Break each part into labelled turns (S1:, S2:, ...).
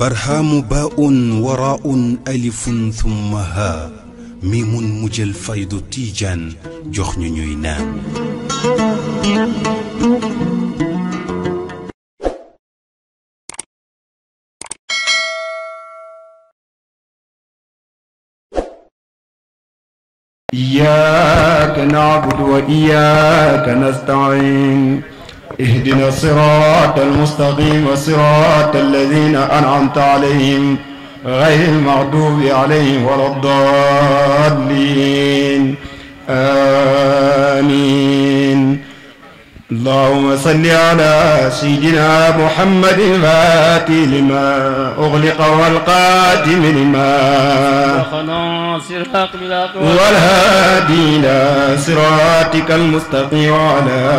S1: برهام باء وراء ألف ثم ها ميم
S2: مجل فيض تيجان جخن نينان
S3: إياك نعبد وإياك نستعين اهدنا الصراط المستقيم صراط الذين أنعمت عليهم غير المغضوب عليهم ولا الضالين آمين اللهم صل على سيدنا محمد الفاتح لما أغلق والقادم لما
S4: والهادي
S3: إلى صراطك المستقيم على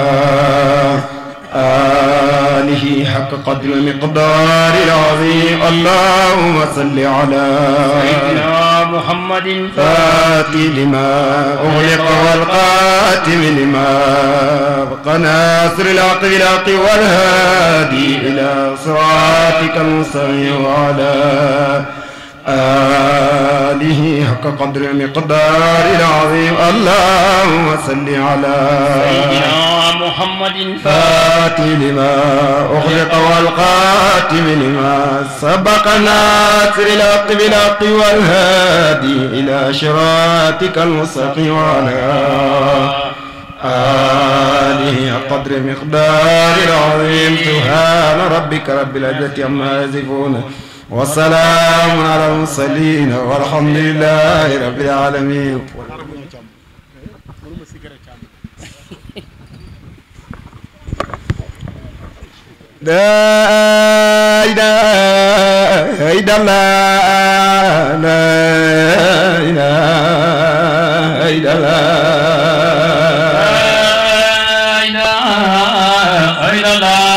S3: آله حق قدر المقدار العظيم اللهم صل على سيدنا محمد فاتي لما أغلق والقاتم لما قناصر العقل العقل والهادي إلى صراطك المستقيم وعلى آله حق قدر المقدار العظيم اللهم صل على سيدنا
S5: محمد
S3: فاتي لما أغلق والقاتم لما سبق ناصر الحق بالحق والهادي إلى شراتك المستقيم وعلى آله قدر مقدار العظيم سبحان ربك رب العزة عما يصفون وسلام على المرسلين والحمد لله رب العالمين
S6: لا لا إله إلا الله لا إله
S3: إلا الله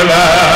S6: Ela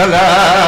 S6: Dala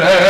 S6: Hare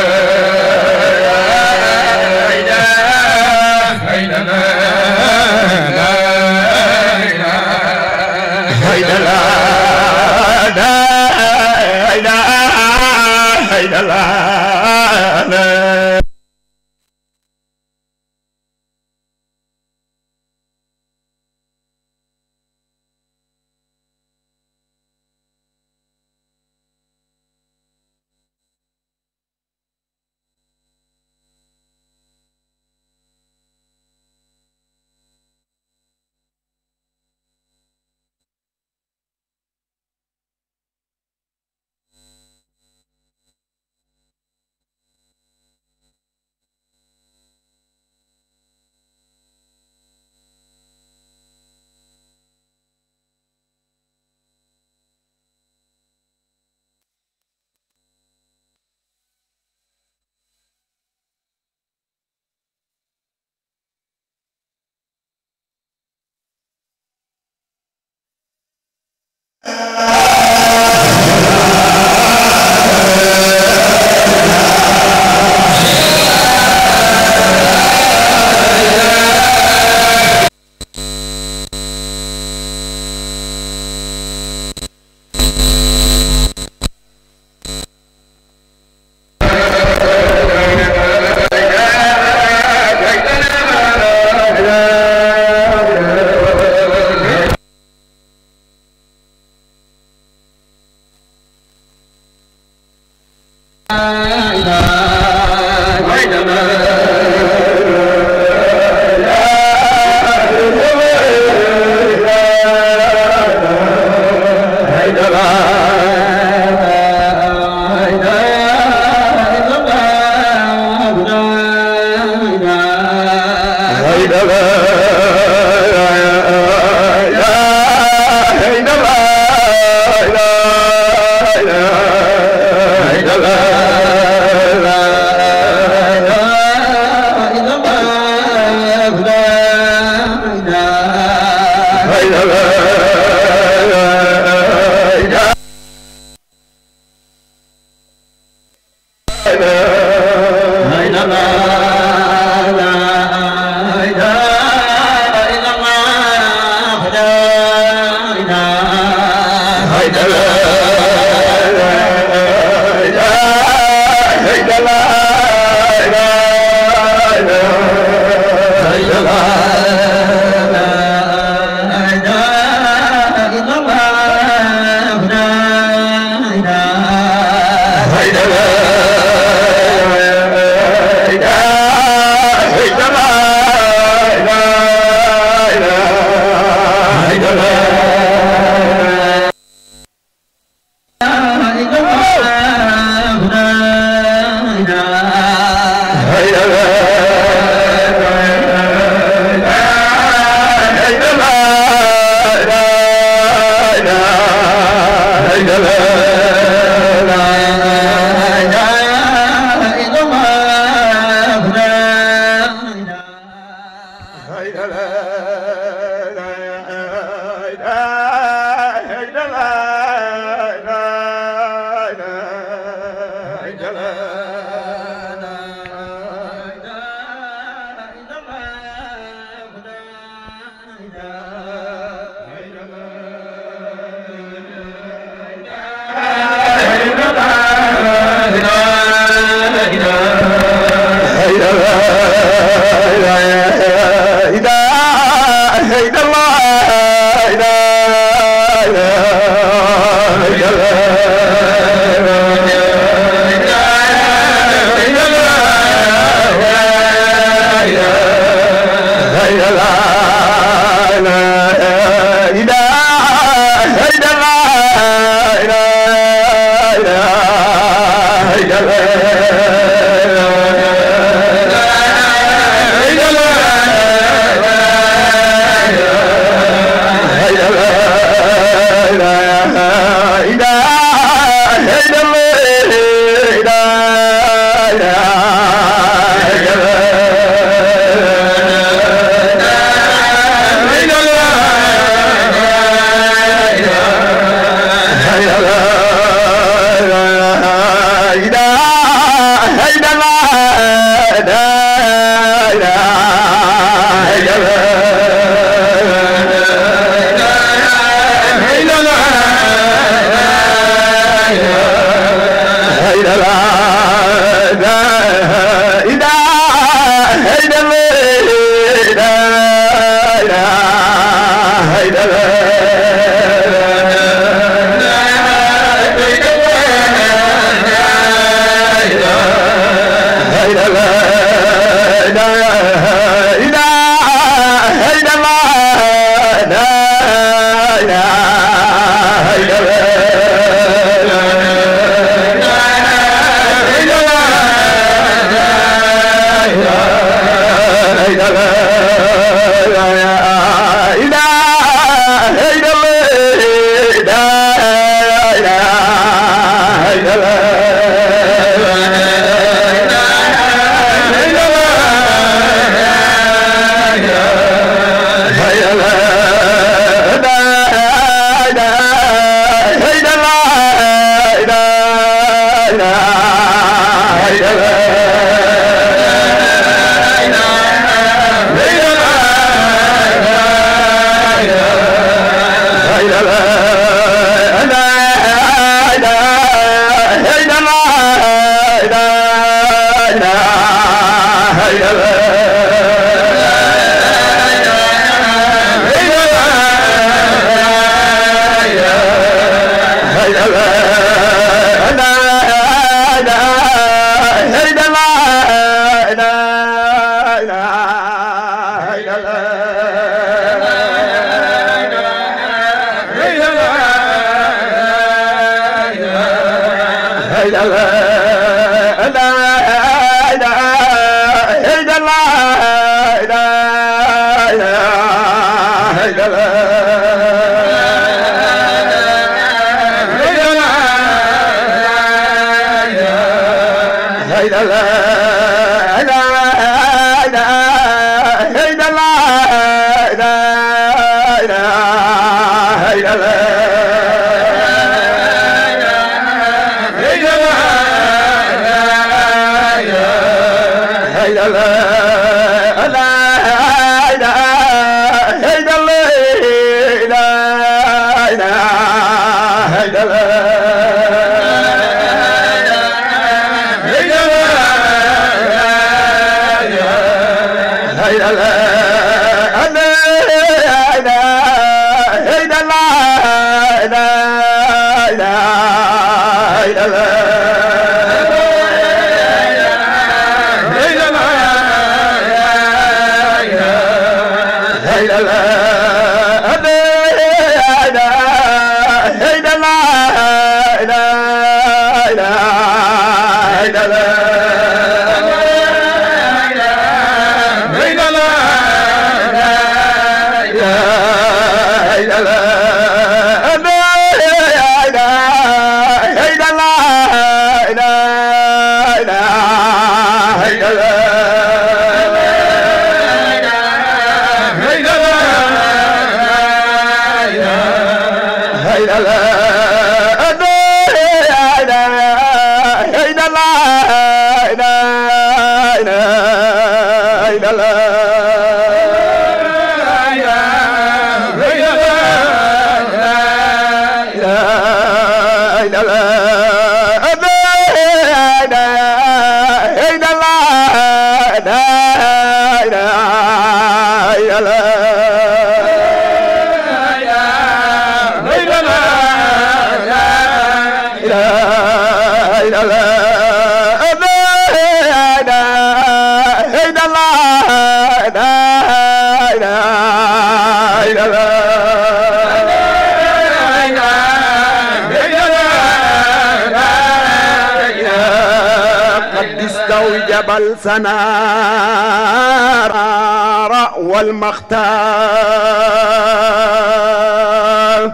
S7: سنارا والمختار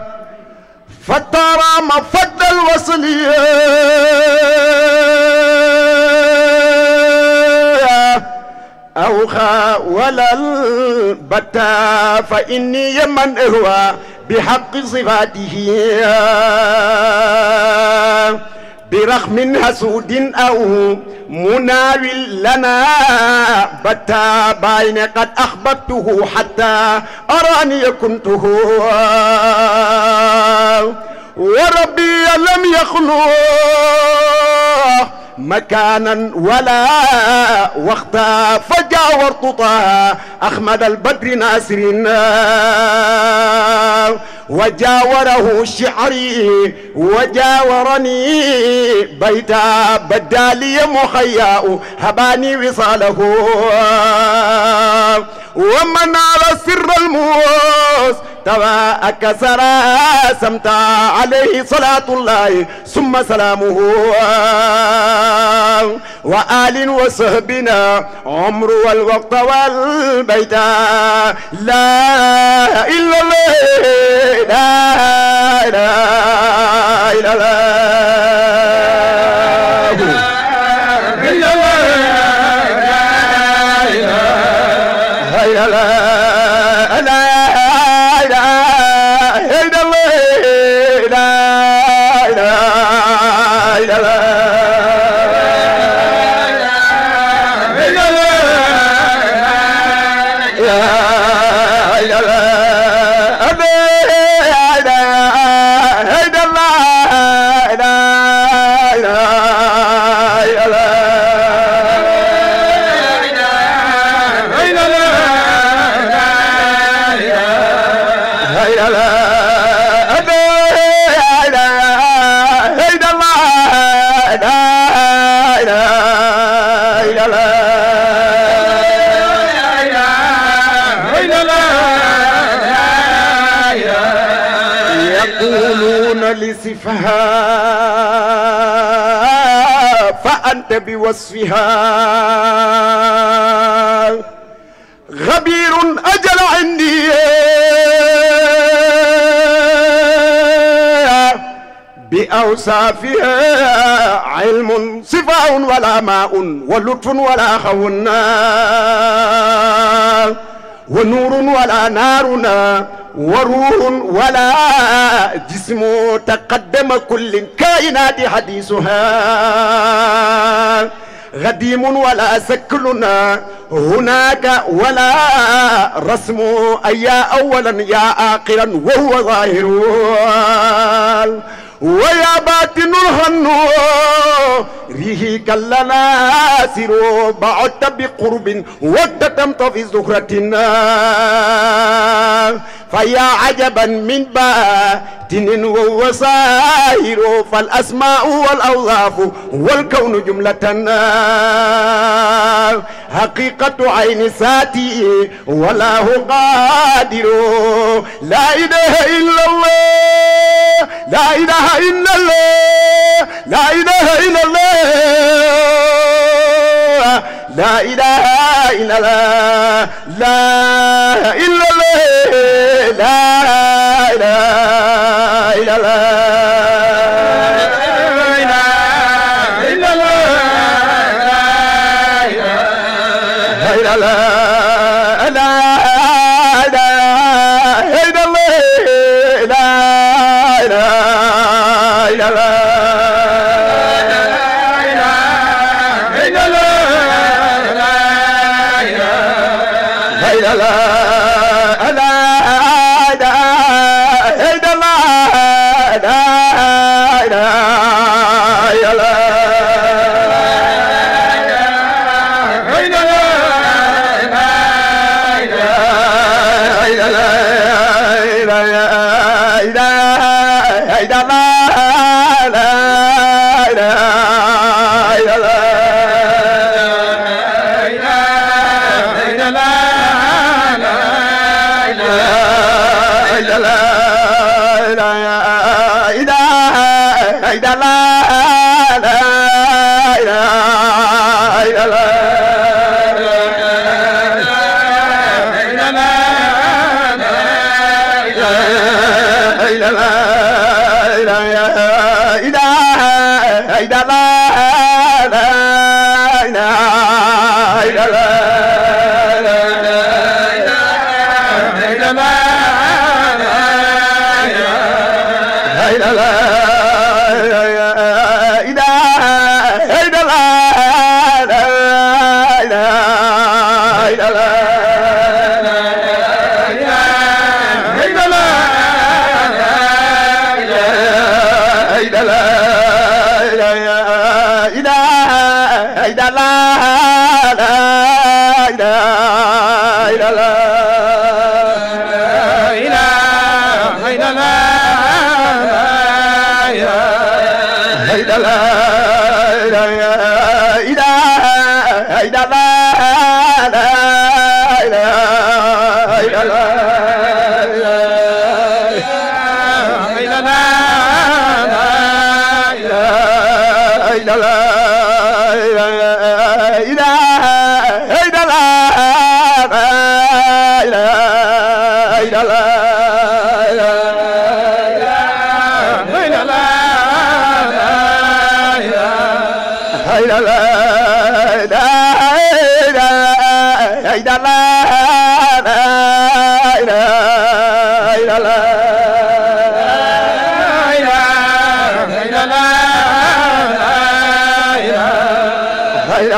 S6: فترى مفد الوصلية
S7: أوخى ولا البتا فإني من إهوى بحق صفاته برغم حسود أو مناول لنا بتا بين قد أخبرته حتى أراني كنته
S6: وربي لم يخلوه
S7: مكانا ولا
S6: وقتا
S7: فجاورت طه أحمد البدر ناصر وجاوره شعري وجاورني بيتا بدالي مخياء هباني وصاله ومن على سر الموس تبا أكسرا سمتا عليه صلاة الله ثم سلامه وآل وصحبنا عمر
S6: والوقت والبيت لا إلا الله لا إله إلا الله
S7: آسفها فأنت بوصفها غبير أجل عندي بأوصافها علم صفاء ولا ماء ولطف ولا خون ونور ولا نارنا وروح ولا جسم تقدم كل كائنات حديثها غديم ولا سكلنا هناك ولا رسم أي أولا يا آخرا وهو ظاهر ويا باطن الهنو ريه كلنا سيرو بعدت بقرب وقتتمت في زهرتنا فيا عجبا من تنين ووسائر فالاسماء والاوصاف والكون جمله حقيقة عين ساتي ولا هو قادر لا إله إلا
S6: الله لا إله إلا الله لا إله إلا الله لا إله إلا الله لا إلا الله لا إله إلا الله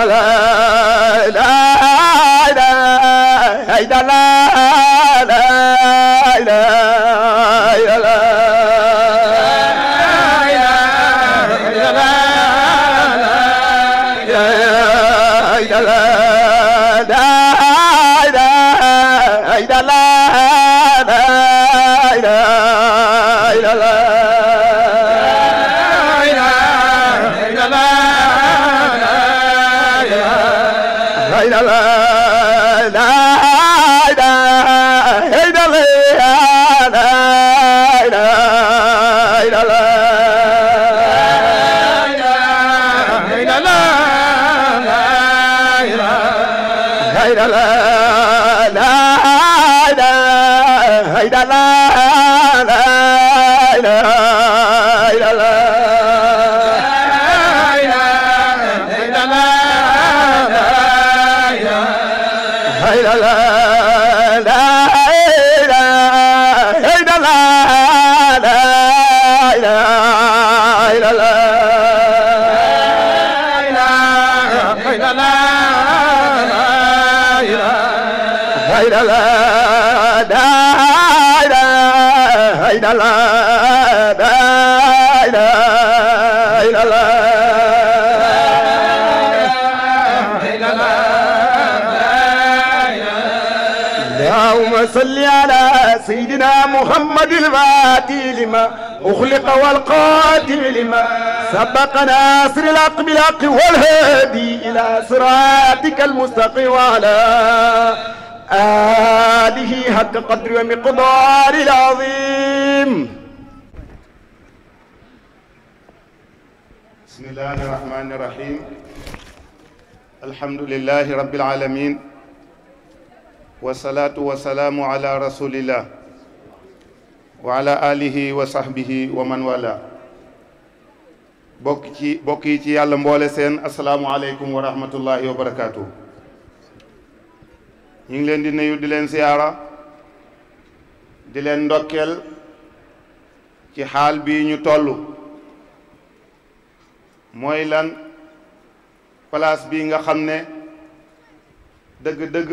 S6: على إلا الله لا إله إلا الله
S7: اللهم صل على سيدنا محمد الفاتي لما أخلق والقاتل لما سبق ناصر الاقبلاق والهادي إلى صراطك المستقيم وعلى آله حق قدر ومقدار العظيم
S8: الرحيم بسم الله الرحمن الرحيم الحمد لله رب العالمين والصلاة والسلام على رسول الله وعلى آله وصحبه ومن والاه بوكي تي bokk yi ci yàlla mboole seen asalaamualeykum wa rahmatullahi wa ngi leen di nuyu di leen siyaara di leen ndokkeel ci xaal bii ñu toll mooy lan place bii nga xam ne dëgg-dëgg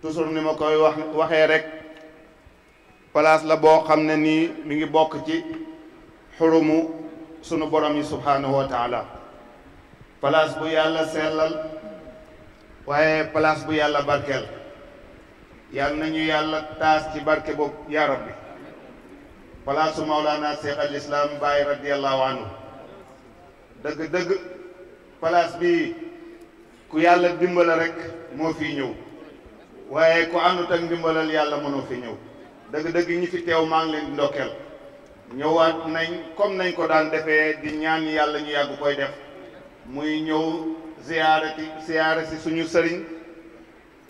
S8: toujours ni ma koy wax waxee rek place la boo xam ne nii mu ngi bokk ci xurumu sunu borom yi subhaanahu wa taala bu yàlla sellal waaye place bu yàlla barkeel yàlla ñu yàlla taas ci barke boobu yaa bi palaasu Maulana Cheikh al Islam Baye radiyallahu dëgg-dëgg palaas bi ku yàlla dimbala rek moo fi ñëw waaye ko àndut ak ndimbalal yàlla mënoo fi ñëw dëgg-dëgg ñi fi teew maa ngi leen di ndokkeel ñëwaat nañ comme nañ ko daan defee di ñaan yàlla ñu yàgg koy def muy ñëw ziyaara si suñu sëriñ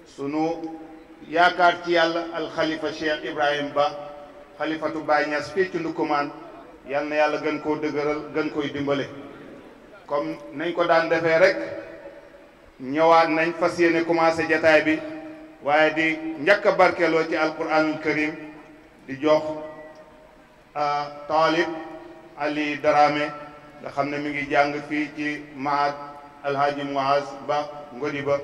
S8: sunu yaakaar ci yàlla alxalifa Cheikh Ibrahim Ba xalifatu Baye Niass fii ci Ndoukoumane yal na yàlla gën koo dëgëral gën koy dimbale comme nañ ko daan defee rek ñëwaat nañ fas yéene commencé jataay bi waaye di njëkk a barkeloo ci alquranul karim di jox taalib Ali Darame nga xam ne mi ngi jàng fii ci Mahad Alhaji Muaz Ba Ngodi Ba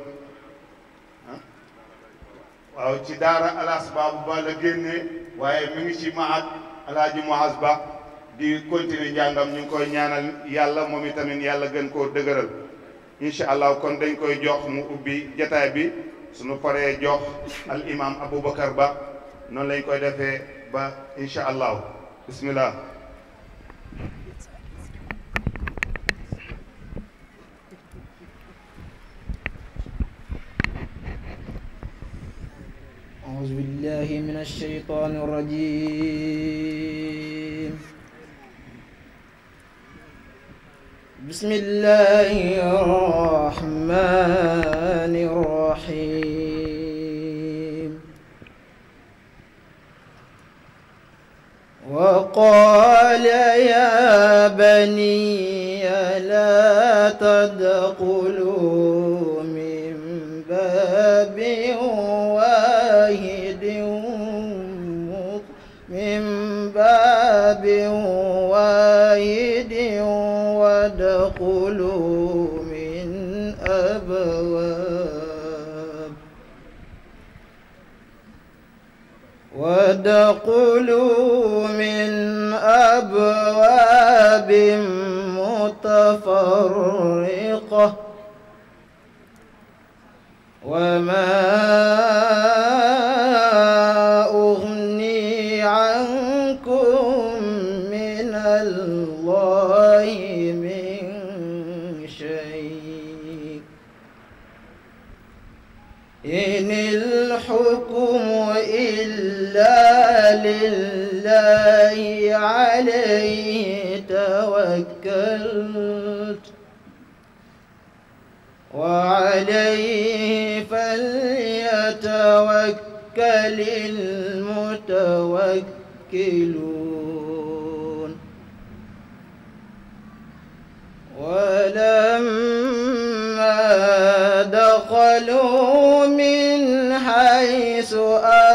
S8: waaw ci daara alas baabu ba la génnee waaye mi ngi ci maat alaaji Muaz Ba di continuer njàngam ñu ngi koy ñaanal yàlla moom itamit yàlla gën koo dëgëral incha allah kon dañ koy jox mu ubbi jataay bi suñu paree jox al imam Aboubacar Ba noonu lañ koy defee ba incha allah bismillah
S9: أعوذ بالله من الشيطان الرجيم بسم الله الرحمن الرحيم وقال يا بني لا تدخلوا باب واحد وادخلوا من أبواب وادخلوا من أبواب متفرقة وما إلا لله عليه توكلت وعليه فليتوكل المتوكلون ولما دخلوا من حيث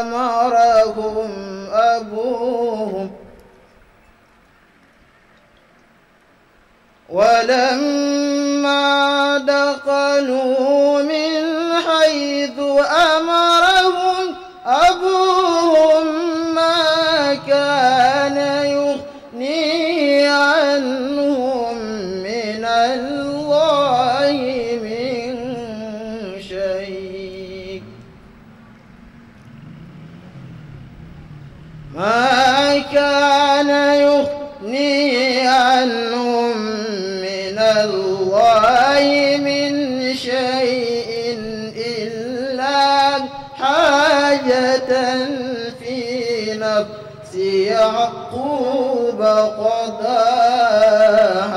S9: أمرهم أبوهم ولما دخلوا من حيث أمرهم فقداها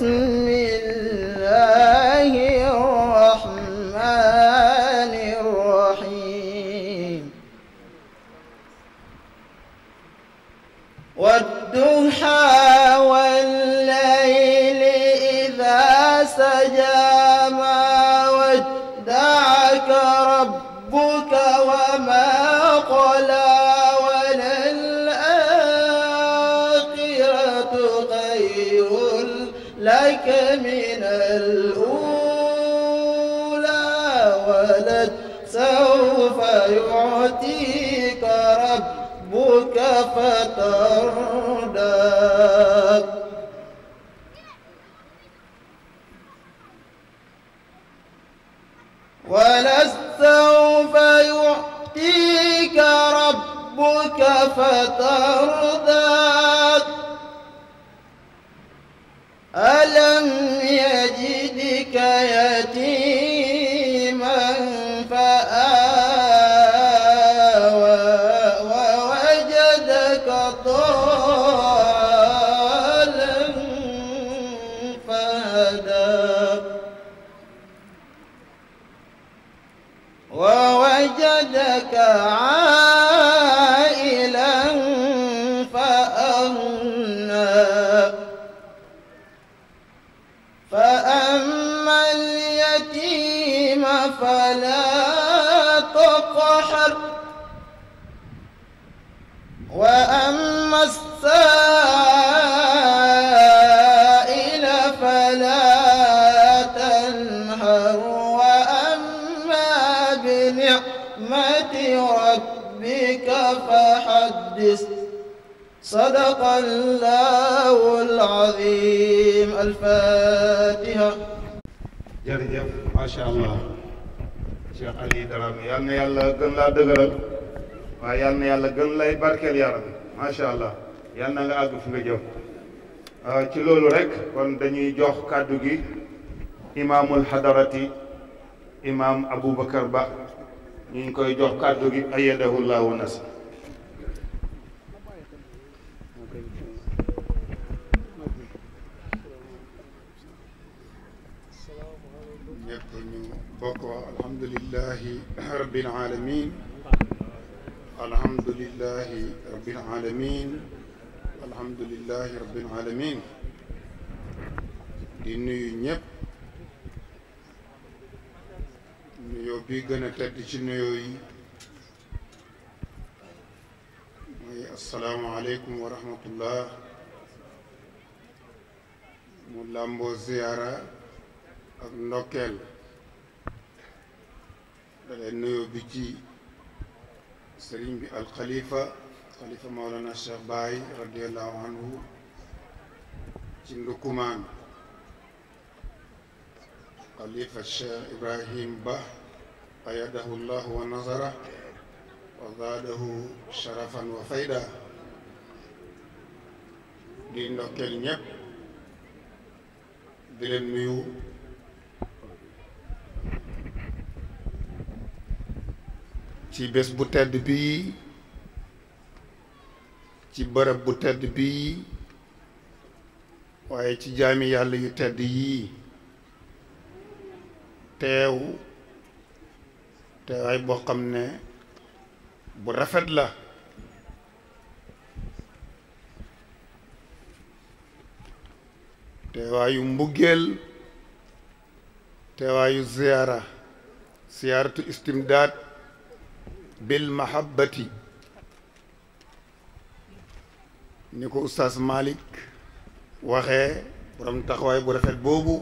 S9: بسم فتردد ولستوف يعطيك ربك فتردد فلا تقحر وأما السائل فلا تنهر وأما بنعمة ربك فحدث صدق الله العظيم الفاتحة
S8: ما شاء الله Cheikh Ali Darame yal na yàlla gën laa dëgëral waaye yal na yàlla gën lay barkeel yaram macha allah yal na nga àgg fi nga jëm euh, ci loolu rek kon dañuy jox kàddu gi imaamul hadarati imaam Aboubacar Ba ñu ngi koy jox kàddu gi ayadahu llahu nas
S1: لله رب العالمين الحمد لله رب العالمين الحمد لله رب العالمين di nuyu ñëpp nuyoo bi gën a tedd ci nuyoo yi mooy asalaamualeykum wa rahmatullah mu làmboo ziyaara ak ndokkeel dalee nuyoo bi ci sëriñ bi al xalifa xalifa Maolana Cheikh Baye radiallahu anhu ci Ndoukoumane xalifa Cheikh Ibrahim Ba ayadahu llahu wa nasara wa zaadahu sharafan wa fayda di ndokkeel ñépp di leen nuyu ci bés bu tedd bii ci bërëb bu tedd bii waaye ci jaami yàlla yu tedd yii teew teewaay boo xam ne bu rafet la teewaayu mbuggeel teewaayu ziyaara ziyaaratu istimdaad bil Mahabbati, Niko oustaz Malik, waxe borom taxaway bu rafet bobu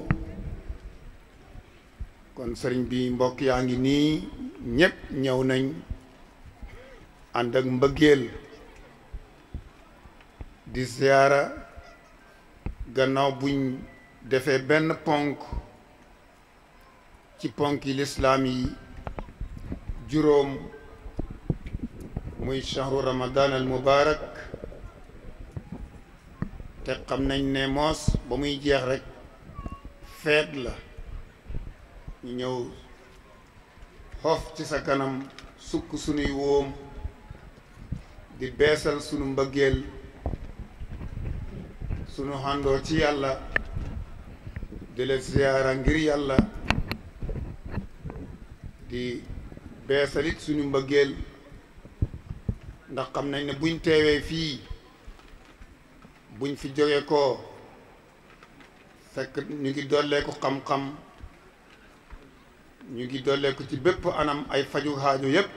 S1: kon sëriñ bi mbok yaangi ni ñepp ñew nañ and ak mbëggeel di ziyaara gannaaw buñ defé ben ponk ci ponki l'islam yi jurom muy chahru ramadan al mubarak te xam nañ ne moos ba muy jeex rek feet la ñu ñëw ci sa kanam sukk suñuy wóom di beesal suñu mbëggeel sunu xàndoo ci yàlla di la ngir yàlla di beesalit suñu mbëggeel ndax xam nañ ne buñ teewee fii buñ fi jógee koo fekk ñu ngi dolleeku xam-xam ñu ngi dolleeku ci bépp anam ay faju xaajo yépp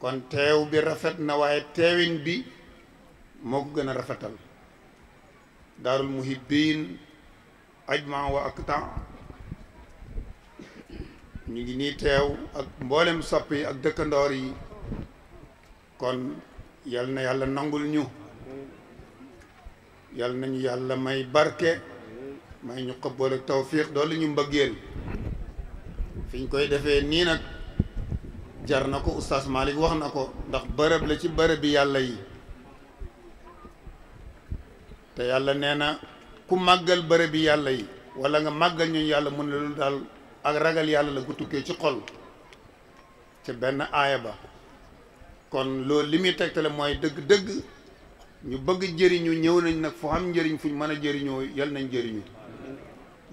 S1: kon teew bi rafet na waaye teewin bi moo ko gën a rafetal daarul muhibbin ajma wa ak temps ñu ngi nii teew ak mboolem sopp yi ak dëkkandoor yi kon yal na yalla nangul ñu yal nañu yalla may barke may ñu xobol ak tawfiq doolu ñu mbeggel fiñ koy defee ni nak jar nako oustaz malik wax nako ndax bërepp la ci bi yalla yi te yalla nee na maggal bërepp bi yalla yi wala nga maggal ñu yalla mën na lu ak ragal yalla la ko ci xol ci ben ba kon loolu li muy tegtale mooy dëgg-dëgg ñu bëgg jëriñu ñëw nañ nag fu am fu fuñ mën a jariñoo yal nañ jëriñu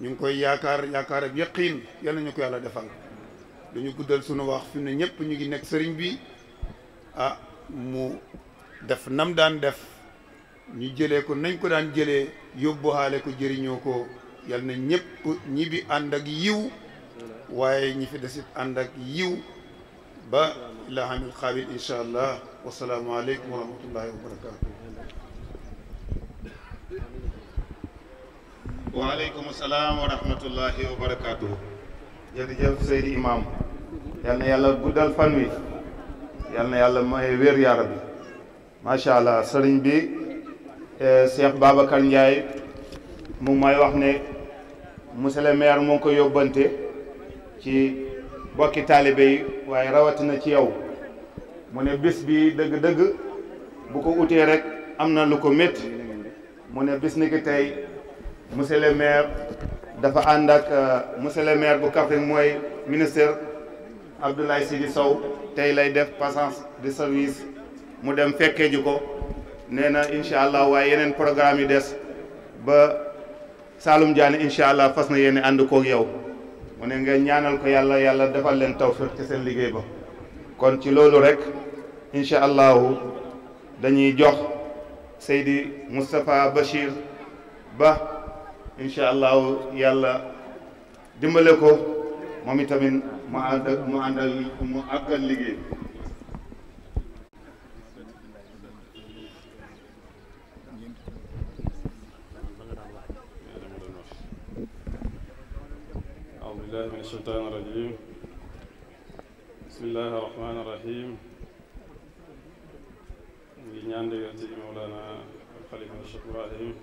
S1: ñu ngi koy yaakaar yaakaar ak yaqiin yal nañu ko yàlla defal dañu guddal sunu wax fi mu ne ñëpp ñu ngi nekk sëriñ bi ah mu def nam daan def ñu jëlee ko nañ ko daan jëlee yóbbuwaale ko jëriñoo ko yal na ñëpp ñi ànd ak yiw waaye ñi fi desit ànd ak yiw ba القابل انشاءاللہ والسلام علیکم ورحمت اللہ وبرکاتہ
S4: وعلیکم السلام
S8: ورحمۃ اللہ وبرکاتہ یعنی ماشاء یعنی اللہ یعنی سیخ بابا خن ممایو نے مسلم معیار منہ کو یوگے کہ bokki taalibe yi waaye rawatina ci yow mu ne bis bi dëgg-dëgg bu ko utee rek am na lu ko métti mu ne bis ni ki tey monsieur le maire dafa ànd ak euh, monsieur le maire bu Kaffrine mooy ministère Abdoulaye Sidi Sow tey lay def passance di service mu dem fekkee ji ko nee na incha allah waaye yeneen programme yi des ba Saloum Diané incha allah fas na yéene ànd koog yow. mu ne nga ñaanal ko yàlla yàlla defal leen tawfiq ci seen liggéey ba kon ci loolu rek incha allahu dañuy jox Seydi Moustapha Bachir Ba incha allahu yàlla dimbale ko moom itamit mu ànd ak mu àndal mu àggal
S10: liggéey الله من الشيطان الرجيم بسم الله الرحمن الرحيم نيان ديغتي مولانا الخليفه الشيخ ابراهيم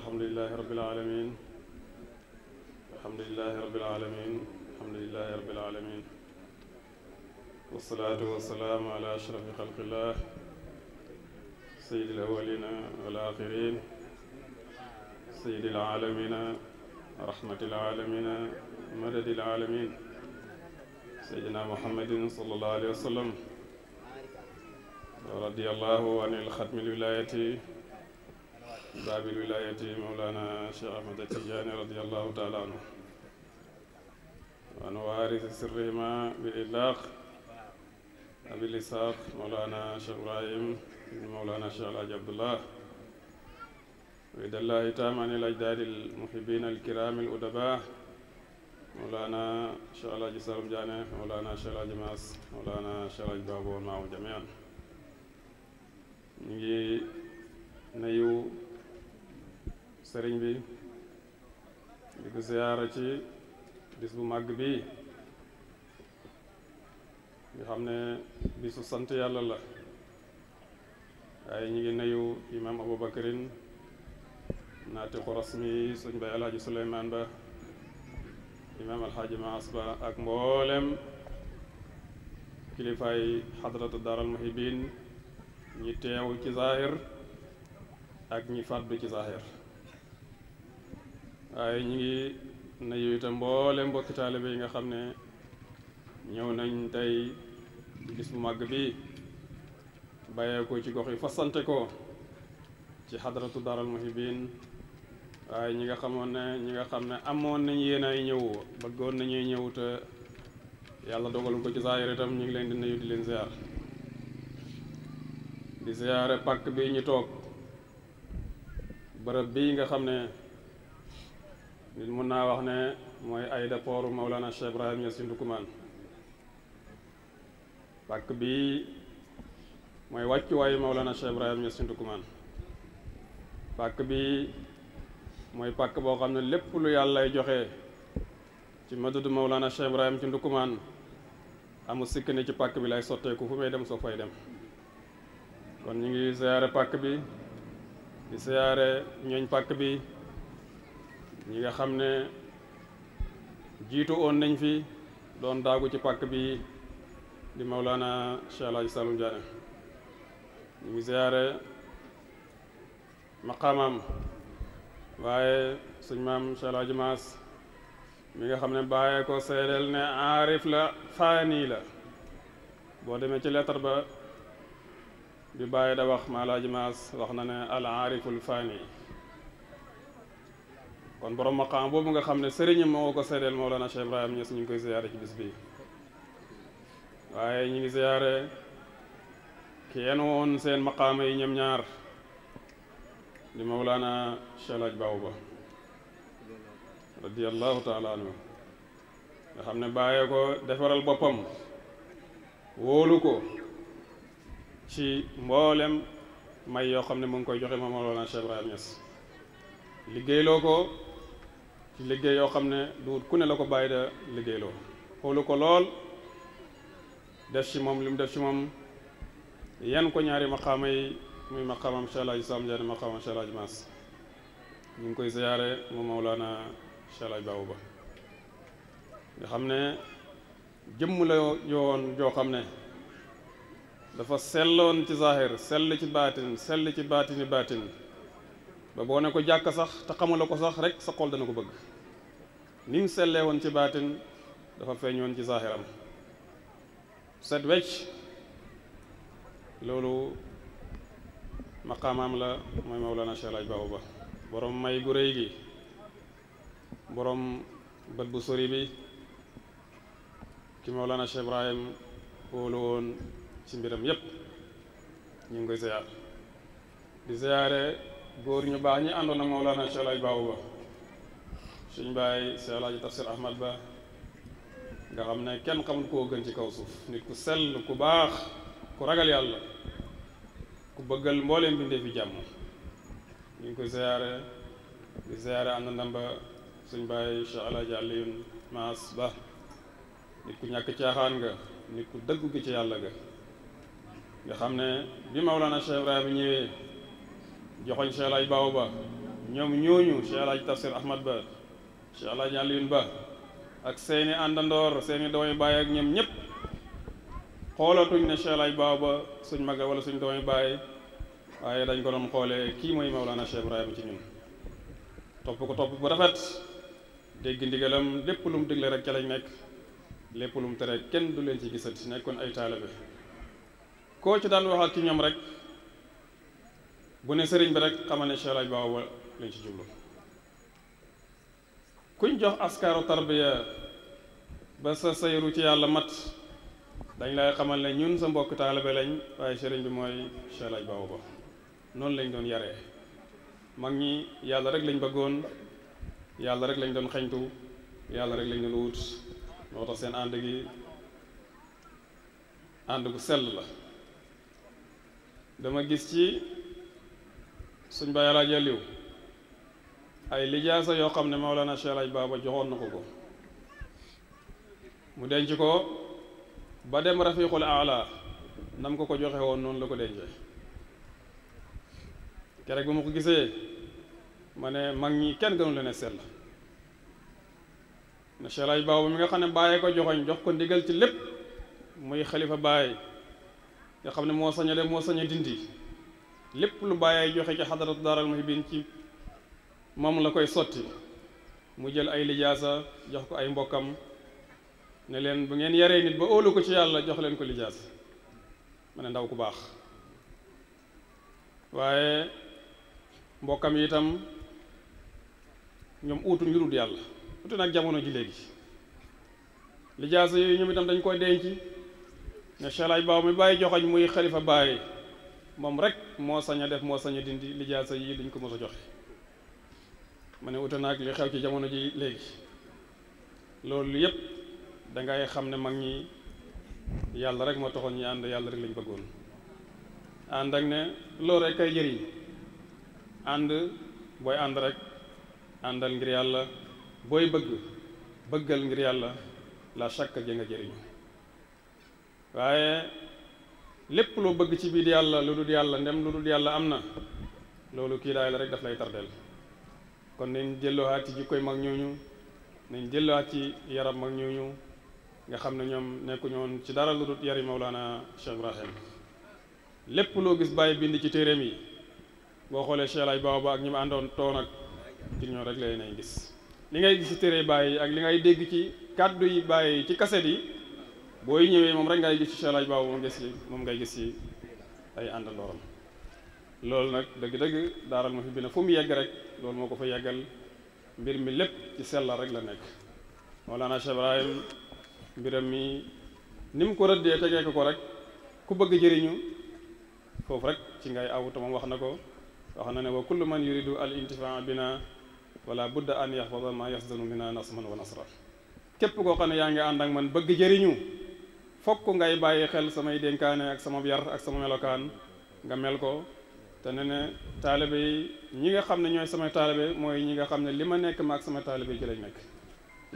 S10: الحمد لله رب العالمين الحمد لله رب العالمين الحمد لله رب العالمين والصلاة والسلام على أشرف خلق الله سيد الأولين والآخرين سيد العالمين رحمة العالمين مدد العالمين سيدنا محمد صلى الله عليه وسلم رضي الله عن الختم الولاية باب الولاية مولانا شيخ أحمد التجاني رضي الله تعالى عنه وعن وارث سرهما بالإطلاق أبي الإساق مولانا شيخ إبراهيم مولانا شيخ عبد الله ويد الله تام عن الأجداد المحبين الكرام الأدباء مولانا شعلا جسام جاني مولانا شعلا جماس مولانا شعلا بابو معه جميعا نجي نيو سرين بي نجي ko ziyaara ci bis bu màgg bi nga xam ne bisu sant yàlla la waaye naatiqu mi suñ bay alhaji Souleymane Ba imaam alhaji Maas Ba ak mboolem kilifaay xadratu daaral muhibin ñi teew ci zahir ak ñi fàddu ci zahir waaye ñi ngi nuyu itam mboolem mbokki taalibe yi nga xam ne ñëw nañ tey bis bu màgg bi bàyyee ci gox yi fasante ko ci xadratu daaral muhibin waaye ñi nga xamoon ne ñi nga xam ne amoon nañ yéen ay ñëw bëggoon nañuy ñëw te yàlla dogalu ko ci saayir itam ñu ngi leen di nuyu di leen ziar di ziare pàkk bi ñu toog bërëb bii nga xam ne nit mun naa wax ne mooy aéroport Maulana Cheikh Ibrahim Niass Ndoukoumaan pàkk bii mooy wàccuwaayu Maulana Cheikh Ibrahim Niass Ndoukoumaan pàkk bii mooy pàkk boo xam ne lépp lu yàllay joxe ci madadu Mawlana Cheikh Ibrahim ci ndukumaan amul sikk ci pàkk bi lay sotteeku fu may dem soo fay dem kon ñu ngi siyaare pàkk bi di siyaare ñooñ pàkk bi ñi nga xam ne jiitu woon nañ fi doon daagu ci pàkk bi di Mawlana Cheikh Alhaji Saloum Diané ñu ngi siyaare maqaamam waaye suñ maam Cheikh Alhaji Maas mi nga xam ne bàyyee ko seedeel ne aarif la faani la boo demee ci lettre ba bi bàyyi da wax ma Alhaji Maas wax na ne al aariful faani kon borom maqaam boobu nga xam ne sëriñam moo ko seedeel moo Cheikh Ibrahim Niass ñu ngi koy ziyaare ci bis bi waaye ñu ngi ziyaare ki yenn woon seen maqaama yi ñoom ñaar di mawlaana Cheikh Baw Ba radiyallahu taala anhu nga xam ne bàyyee ko defaral boppam wóolu ko ci mboolem may yoo xam ne mu ngi koy joxe moom mawlaana Cheikh Ibrahima Niass liggéeyloo ko ci liggéey yoo xam ne duut ku ne la ko bàyyi da liggéeyloo xoolu ko lool def ci moom li mu def ci moyan ko ñaari maqaama yi muy maqaamam Cheikh Alaaji Sam Ndiané maqaamam Cheikh Alaaji Maas ñu ngi koy ziyaare mu Mawlaana naa Alaaji Baabu Ba nga xam ne jëmm la yoon joo xam ne dafa selloon ci zahir sell ci baatin sell ci baatini baatin ba boo ne ko jàkk sax te xamula ko sax rek sa xol dana ko bëgg ni mu woon ci baatin dafa feeñoon ci zahiram set wecc loolu maqaamaam la mooy Mawlana Cheikh Laaj Baabu Ba borom may gu rëy gi borom bët bu sori bi ki Mawlana Cheikh Ibrahim wóolu woon ci mbiram yépp ñu ngi koy ziyaar di ziyaare góor ñu baax ñi àndoon ak Mawlana Cheikh Laaj Baabu Ba suñ bàyyi Cheikh Tafsir Ahmad Ba nga xam ne kenn xamul koo gën ci kaw suuf nit ku sell ku baax ku ragal yàlla ku bëggal mbooleem bindee fi jàmm ñu ngi koy ziyaare di ziyaare am na ndamba suñ bàyyi Cheikh Alaaji Aliyun Maas Ba nit ku ñàkk caaxaan nga nit ku dëggu gi ci yàlla ga nga xam ne bi Mawlana Cheikh bi ñëwee joxoñ Cheikh Alaaji Baaw Ba ñoom ñooñu Cheikh Alaaji Tafsir Ahmad Ba Cheikh Alaaji Aliyun Ba ak seeni àndandoor seeni doomi bàyyi ak ñoom ñëpp xoolatuñ ne Cheikh Laay Baaba suñ maga wala suñ doomi bàyyi waaye dañ ko doon xoolee kii mooy Mawlana Cheikh Ibrahima ci ñun topp ko topp bu rafet dégg ndigalam lépp lu mu digle rek ca lañ nekk lépp lu mu tere kenn du leen ci gisati nekkoon ay taalibe koo ci daan waxal ki ñoom rek bu ne sëriñ bi rek xamal ne Cheikh Laay Baaba lañ ci jublu kuñ jox askaaru tarbiya ba sa sayru ci yàlla mat dañ lay xamal ne ñun sa mbokk taalibe lañ waaye sëriñ bi mooy Cheikh Laaj Ba noonu lañ doon yare mag ñi yàlla rek lañ bëggoon yàlla rek lañ doon xeñtu yàlla rek lañ doon wut moo tax seen ànd gi ànd gu sell la dama gis ci suñ bàyyi alaaj Aliou ay sa yoo xam ne Maolana Cheikh Laaj Baba joxoon na ko ko mu denc ko ba dem rafiqul aala nam ko ko joxe woon noonu la ko dencee keroog ba ma ko gisee ma ne mag ñi kenn gënu leen a sell na selaay baabu mi nga xam ne bàyyee ko joxoñ jox ko ndigal ci lépp muy xalifa bàyyi nga xam ne moo sañale moo saña dindi lépp lu bàyyee joxe ci xadaratu daaral muhibbin ci moom la koy sotti mu jël ay lijaasa jox ko ay mbokkam ne leen bu ngeen yaree nit ba óolu ko ci yàlla jox leen ko lijaas ma ne ndaw ku baax waaye mbokkam yi itam ñoom uutu ñu dul yàlla utu ak jamono ji léegi lijaasa yooyu ñoom itam dañ koo denc ne chalaaj baaw mi bàyyi joxañ muy xalifa bàyyi moom rek moo sañ a def moo sañ a dindi lijaasa yi dañ ko mos a joxe ma ne uta naag li xew ci jamono ji léegi loolu yépp da ngay ne mag ñi yalla rek moo taxoon ñi ànd yalla rek lañ bëggoon and ak ne lo rek kay jëri and boy and rek andal ngir yalla boy bëgg bëggal ngir yalla la chaque ja nga jëri waye lepp lo bëgg ci biir yalla lu dul yalla ndem lu dul yalla amna lolu ki daay la rek daf lay tardel kon nañ jëlluwaat ci jikkoy mag ñooñu nañ jëlluwaat ci yaram mag ñooñu nga xam ne ñoom nekkuñu woon ci dara lu dul yari Mawlana Cheikh Ibrahim lépp loo gis bàyyi bind ci téeréem yi boo xoolee Cheikh Lay Baba ak ñu mu àndoon toon ak ci ñoo rek lay nay gis li ngay gis ci téere bàyyi ak li ngay dégg ci kàddu yi bàyyi ci kaset yi booy ñëwee moom rek ngay gis ci Cheikh Lay ba moom gis moom ngay gis ci ay àndandooram loolu nag dëgg-dëgg daaral ma fi bind fu mu yegg rek loolu moo ko fa yeggal mbir mi lépp ci sella rek la nekk mbiram mi ni mu ko rëddee tegee ko ko rek ku bëgg jëriñu foofu rek ci ngay aw te wax na ko wax na ne wa kullu man yuridu al intifaa bina wala budda an yaxfada ma yaxdanu mina nasman wa nasra képp koo xam ne yaa ngi ànd ak man bëgg jëriñu fokk ngay bàyyi xel samay dénkaane ak sama yar ak sama melokaan nga mel ko te ne ne taalibe yi ñi nga xam ne ñooy sama taalibe mooy ñi nga xam ne li ma nekk ma ak sama taalibe ji lañ nekk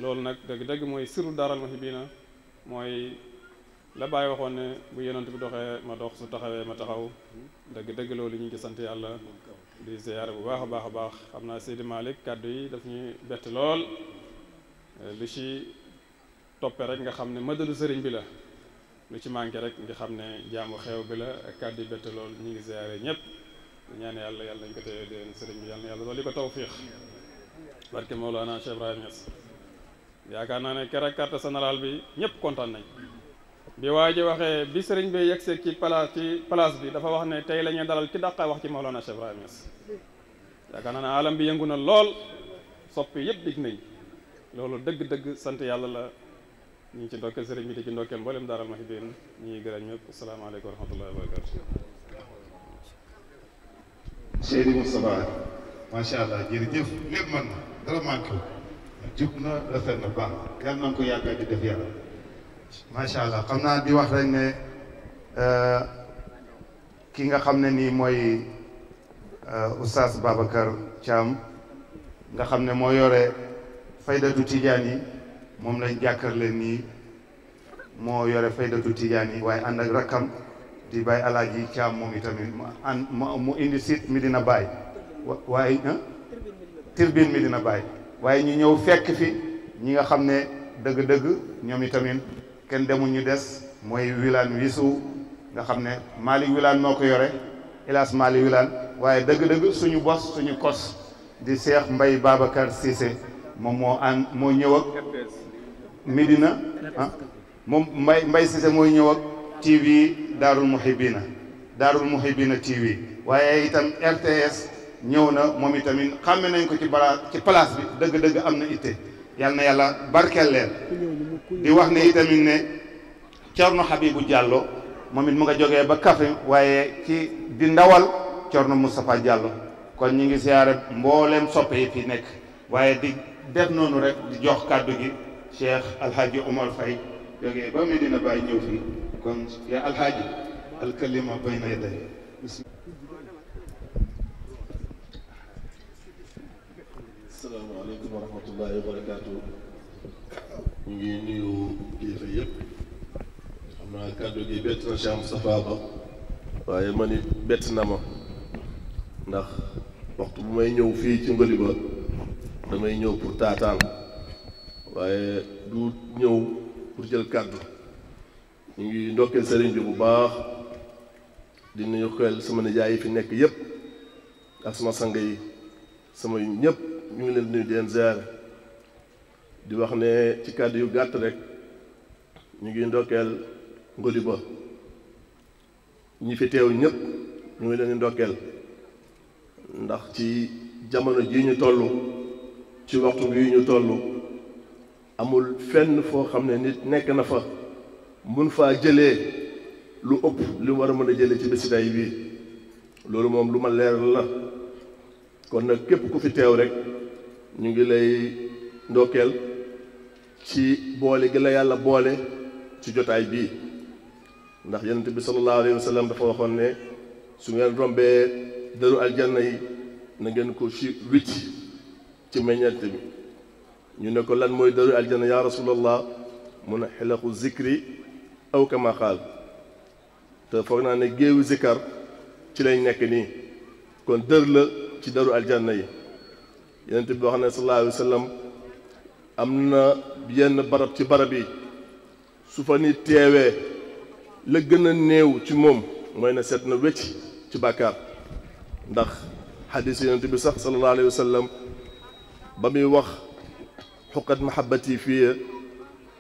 S10: loolu nak deug deug moy siru daral muhibbina moy la bay waxone bu yonent bi doxé ma dox su taxawé ma taxaw deug deug loolu ñu ngi sante yàlla di ziyaare bu baax a baax a baax xam naa Seydi kàddu yi daf ñuy bet lool lu ci topé rek nga xamné madalu sëriñ bi la lu ci manké rek nga xamné jaamu xew bi la kàddu bet bett lool ñu ngi ziyaare ñep ñaan yàlla yàlla ñu ko téye déen sëriñ bi yàlla yàlla do li ko tawfiix barke Mawlana Cheikh Ibrahima Niass yaakaar naa ne keroog carte générale bi ñëpp kontaan nañ bi waa ji waxee bi sëriñ bi yegsee ci place ci place bi dafa wax ne tey la ñuy dalal ki dàqa wax ci Mawlana Cheikh Ibrahima Niass yaakaar naa ne alam bi yëngu na lool soppi yëpp dig nañ loolu dëgg-dëgg sant yàlla la ñu ngi ci ndokkeel sëriñ bi di ci ndokkeel mboolem daaral Mouhibine ñu ngi gërëm ñëpp asalaamaaleykum wa rahmatullahi wa barakatu
S8: Seydi Moustapha macha allah jërëjëf lépp man na dara manqué jub na rafet na baax yàlla na nga ko yàgg di def yàlla. macha allah xam naa di wax rek ne eh, ki nga xam ne nii mooy eh, oustaz Babacar Thiam nga xam ne moo yore faydatu tijaan yi moom lañ jàkkaarloo nii moo yore faydatu tijaan yi waaye ànd ak rakkam di bàyyi alaaji Thiam moom itamit mu indi siit mi dina bàyyi waaye turbine mi dina bàyyi. waaye ñu ñëw fekk fi ñi nga xam ne dëgg-dëgg ñoom itamit kenn demu ñu des mooy wilaan wisu nga xam ne Malick Wilane moo ko yore hélas Malick Wilane waaye dëgg-dëgg suñu bos suñu kos di Cheikh mbay Babacar Cissé moom moo ànd moo ñëw ak ah, moom mbay Mbaye Cissé mooy ñëw ak TV Daarul Muhibbina Daarul Muhibbina TV waaye itam RTS ñëw na moom itamit xàmme nañ ko ci balaa ci place bi dëgg-dëgg am na itte yal na yàlla barkeel leen di wax ne itamit ne Thierno Habibou Diallo moom it mu nga jogee ba Kaffrine waaye ci di ndawal Thierno Moustapha jàll kon ñu ngi siyaare mbooleem soppe yi fi nekk waaye di def noonu rek di jox kàddu gi Cheikh Alhaji Omar Faye jógee ba Medina Baye ñëw fii kon yaa Alhaji alkalima
S11: bayna yaday asalaamaaleykum wa rahmatullahi wa barakaatu ñu ngi nuyu kilifa yëpp xam kàddu gi bett waaye man na ma ndax waxtu bu may ñëw fii ci ñëw pour taataan waaye jël kàddu ñu ngi ndokkeel sëriñ bu baax di nuyu xel sama nijaay yi fi nekk yëpp ak sama sang yi sama ñëpp. ñu ngi leen nuyu di leen di wax ne ci kàddu yu gàtt rek ñu ngi ndokkeel Ngodiba ñi fi teew ñëpp ñu ngi leen di ndokkeel ndax ci jamono ji ñu toll ci waxtu bi ñu tollu amul fenn foo xam ne nit nekk na fa mun faa jëlee lu ëpp li war a mën a jëlee ci bési tay bii loolu moom lu ma leer la kon nag képp ku fi teew rek ñu ngi lay ndokkeel ci boole gi la yàlla boole ci jotaay bii ndax yonent bi sallallahu alayhi wa dafa waxoon ne su ngeen rombee dëru aljana yi na ngeen ko ci wicc ci meññeent bi ñu ne ko lan mooy dëru aljanna yaa rasulallah mën a xelaxu zikri aw kama te foog naa ne géewu zikkar ci lañ nekk nii kon dër la ci dëru aljana yi yonent bi wax ne sallallahu alayhi wa sallam am na yenn barab ci barab yi su fa ni teewee la gën a néew ci moom mooy ne seet na wécc ci bàkkaar ndax xadis yonent bi sax sallallahu alayhi wa sallam ba muy wax xuqat mahabati fii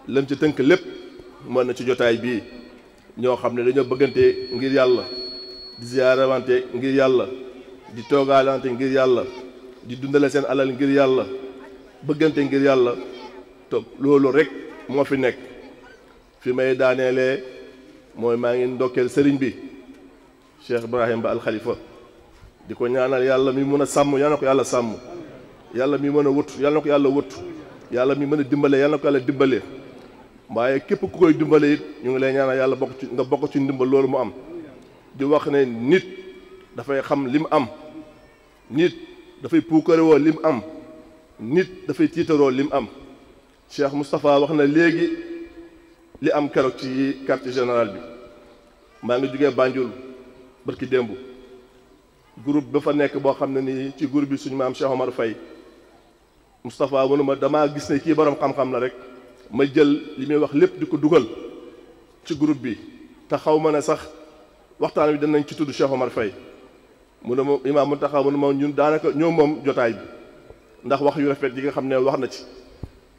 S11: lam ci tënk lépp mën na ci jotaay bii ñoo xam ne dañoo bëggante ngir yàlla di ziyaarewante ngir yàlla di toogaalante ngir yàlla di dundale seen alal ngir yàlla bëggante ngir yàlla te loolu rek moo fi nekk fi may daaneelee mooy maa ngi ndokkeel sëriñ bi Cheikh Ibrahim Ba alxalifa di ko ñaanal yàlla mi mën a sàmm yal ko yàlla sàmm yàlla mi mën a wut yàlla na ko yàlla wut yàlla mi mën a dimbale yàlla na ko yàlla dimbale waaye képp ku koy dimbale it ñu ngi lay ñaanal yàlla bokk ci nga bokk ci ndimbal loolu mu am di wax ne nit dafay xam li mu am nit dafay puukarewoo lim am nit dafay tiitaroo lim am Cheikh Moustapha wax na léegi li am keroog ci quartier général bi maa ngi jógee Banjul barki démb groupe ba fa nekk boo xam ne nii ci groupe bi suñu maam Cheikh Omar Faye Moustapha mënu ma damaa gis ne kii boroom xam-xam la rek ma jël li muy wax lépp di ko dugal ci groupe bi te xaw ma ne sax waxtaan wi danañ ci tudd Cheikh Omar Faye mu ne moom imaam mu taxaw mu ne moom ñun daanaka ñoo moom jotaay bi ndax wax yu rafet yi nga xam ne wax na ci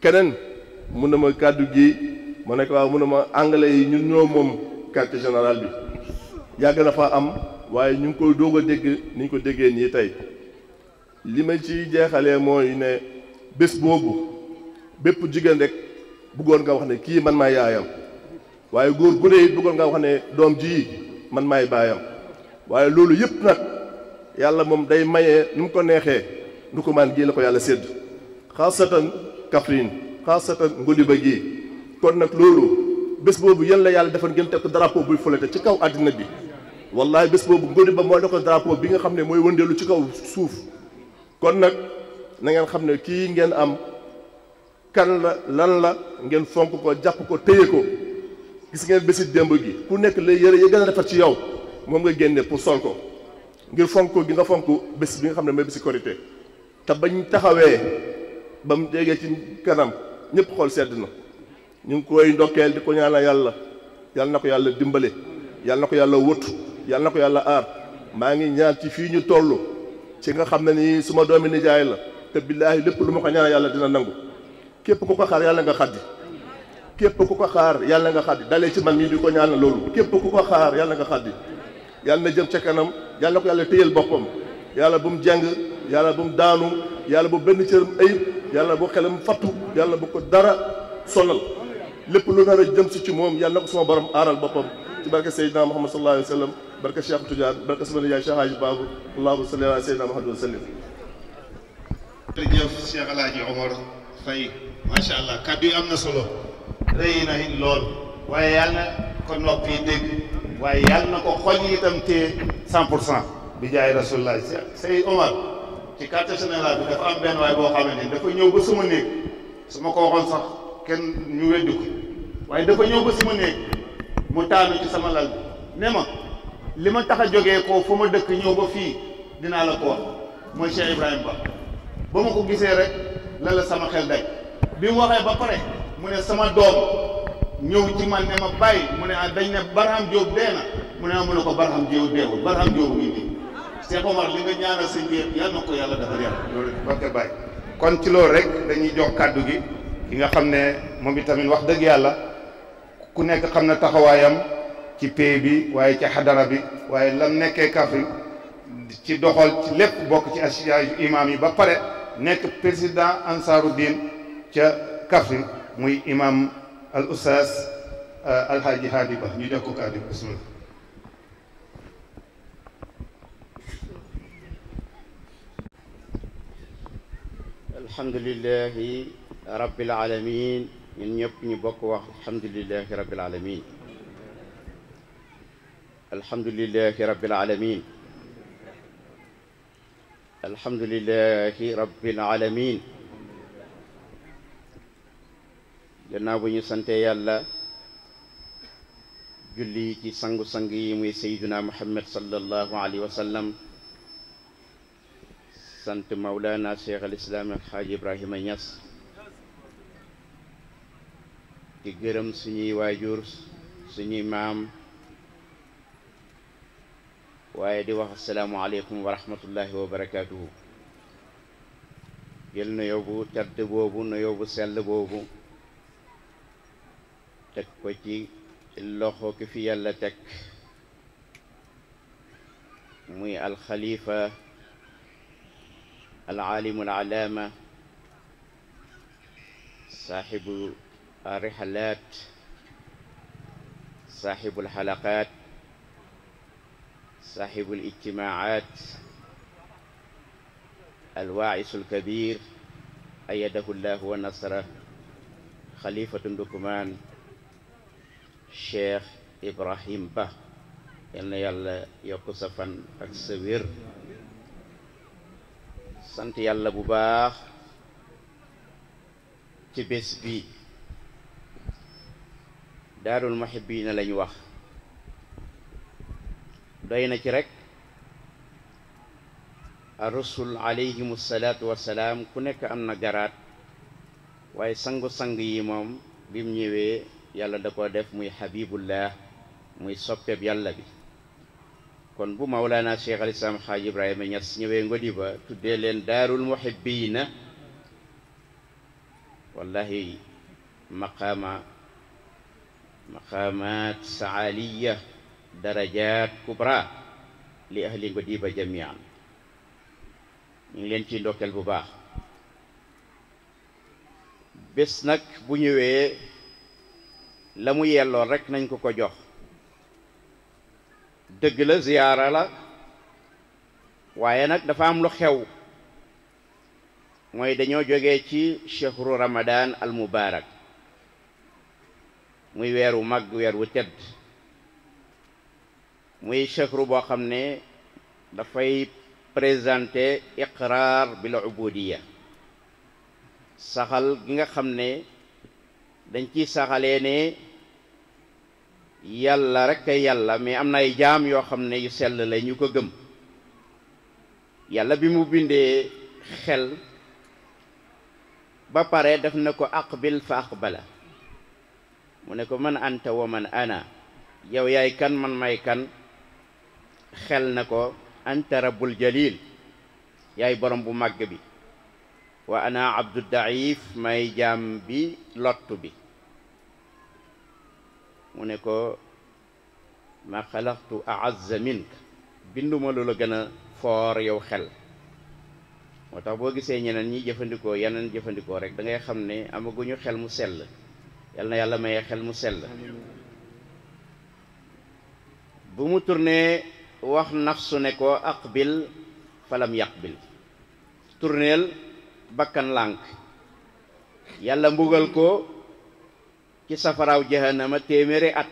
S11: keneen mu ne ma kàddu gi ma nekk ko waaw ma anglais yi ñun ñoo moom quartier général bi yàgg na fa am waaye ñu ngi koy doog a dégg ni ko déggee nii tey li ma ci jeexale mooy ne bés boobu bépp jigéen rek bëggoon nga wax ne kii man maay yaayam waaye góor gu ne it bëggoon nga wax ne doom ji man may baayam waaye loolu yëpp nag. yàlla moom day mayee nu mu ko neexee ndukumaan gii la ko yàlla sédd xaasatan Kaffrine xaasatan Ngodiba gi kon nag loolu bés boobu yéen la yàlla defal ngeen teg ko drapeau buy folete ci kaw àddina bi wallahi bés boobu Ngodiba moo ko drapeau bi nga xam ne mooy wëndeelu ci kaw suuf kon nag nangeen xam ne kii ngeen am kan la lan la ngeen fonk ko jàpp ko téye ko gis ngeen bési démb gi ku nekk lay yëre yi gën a rafet ci yow moom nga génne pour sol ko ngir fonk gi nga fonk bés bi nga xam ne mooy bési korité te bañ taxawee ba mu jegee ci kanam ñëpp xool sedd na ñu ngi koy ndokkeel di ko ñaanal yàlla yàlla na ko yàlla dimbale yàlla ko yàlla wut yàlla na ko yàlla aar maa ngi ñaan ci fii ñu toll ci nga xam ne nii suma doomi nijaay la te billaahi lépp lu ma ko ñaanal yàlla dina nangu képp ku ko xaar yàlla nga xaddi képp ku ko xaar yàlla nga xaddi dalee ci man mii di ko ñaanal loolu képp ku ko xaar yàlla nga xaddi yàlla na jëm ca kanam yàlla na ko yàlla téyal boppam yàlla bu mu jàng yàlla bu mu daanu yàlla boo benn cëram ayib yàlla boo bu mu fattu yàlla bu ko dara sonal lépp lu nar jëm si ci moom yàlla na ko sama borom aaral boppam ci barke Seydina Muhammad sallallahu alayhi wa sallam barke Cheikh Tidiane barke sama yaay Cheikh Hadji Babou allahumma salli ala Seydina Muhammad wa sallim
S8: jërëjëf Cheikh El Hadji Omar Faye macha allah kaddu waaye yàlla na ko xool xoj itam téye cent pour cent bi jaay rasulullah say Omar ci quartier général bi dafa am benn waay boo xamante ni dafa ñëw ba sama néeg su ma ko waxoon sax kenn ñu weddi ko waaye dafa ñëw ba sama néeg mu taanu ci sama lal bi ne ma li ma tax a jógee ko fu ma dëkk ñëw ba fii dinaa la ko wax mooy Cheikh Ibrahima Ba ba ma ko gisee rek la la sama xel daj bi mu waxee ba pare mu ne sama doom ñëw ci man ne ma bàyyi mu ne ah dañ ne Barham Diop dee na mu ne ah mu ne ko Barham Diop deewul Barham Diop ngi nii Cheikh Omar li nga ñaanal sëñ bi yal na ko yàlla defal yàlla loolu barke bàyyi kon ci loolu rek dañuy jox kàddu gi ki nga xam ne moom itamit wax dëgg yàlla ku nekk xam na taxawaayam ci pay bi waaye ci xadara bi waaye lam nekkee Kaffrine ci doxal ci lépp bokk ci association imam yi ba pare nekk président Ansaarud-Din ca Kaffrine muy imam الأساس آه، الحاج هادبة نجاكو كادب بسم
S5: الله الحمد لله رب العالمين من يبني بقوة الحمد لله رب العالمين الحمد لله رب العالمين, الحمد لله رب العالمين. gannaaw bu ñu sante yàlla julli ci sangu-sang yi muy sayduna muhammad sallallahu alayhi wa sallam sant maulana cheikh al islam al xaaji ibrahima ñas di gërëm suñuy waajur suñuy maam waaye di wax asalaamualeykum wa rahmatullahi wa barakaatuhu jël nuyoo bu tedd boobu nuyoo bu sell boobu تك كوتي اللوخو كفي يلا الخليفة العالم العلامة صاحب الرحلات صاحب الحلقات صاحب الاجتماعات الواعس الكبير أيده الله ونصره خليفة دكمان Cheikh Ibrahim Ba yal na yàlla yokk sa fan ak sa wér sant yàlla bu baax ci bés bi daarul muhibbina lañ wax doy na ci rek arrusul alayhim salaatu salaam ku nekk am na garaat waaye sangu-sang yi moom bim ñëwee yàlla da ko def muy xabibullah muy soppeeb yàlla bi kon bu mawlaana cheikh al islam xaaj ibrahima ñas ñëwee ngodi ba tuddee leen daarul muhibbiina wallahi maqaama maqaamaat saaliya darajaat kubra li ahli ngodiba jamian ñu ngi leen ciy ndokkeel bu baax bés nag bu ñëwee lamu yello rek nañ ko ko jox deug la ziyara la waye nak dafa am lu xew moy dañu joge ci chehru ramadan al mubarak muy wéru mag wéru tedd muy chehru bo xamné da fay présenter iqrar bil ubudiyya saxal gi nga xamné dañ ci saxalé ne yàlla rek a yàlla mais am na ay jaam yoo xam ne yu sell la ñu ko gëm yàlla bi mu bindee xel ba pare def na ko aqbil fa aqbala mu ne ko mën anta wa man ana yow yaay kan man may kan xel na ko anta rabbul jalil yaay borom bu màgg bi wa ana abdu daif may jaam bi lott bi mu ne ko ma xalaqtu aazza binduma lu la gën a foor yow xel moo tax boo gisee ñeneen ñi jëfandikoo yeneen jëfandikoo rek da ngay xam ne amaguñu xel mu sell yal na yàlla mayee xel mu sell bu mu tourné wax nafsu ne ko aqbil falam yaqbil tourneel bakkan lànk yàlla mbugal ko ci safaraaw jahannama téeméeri at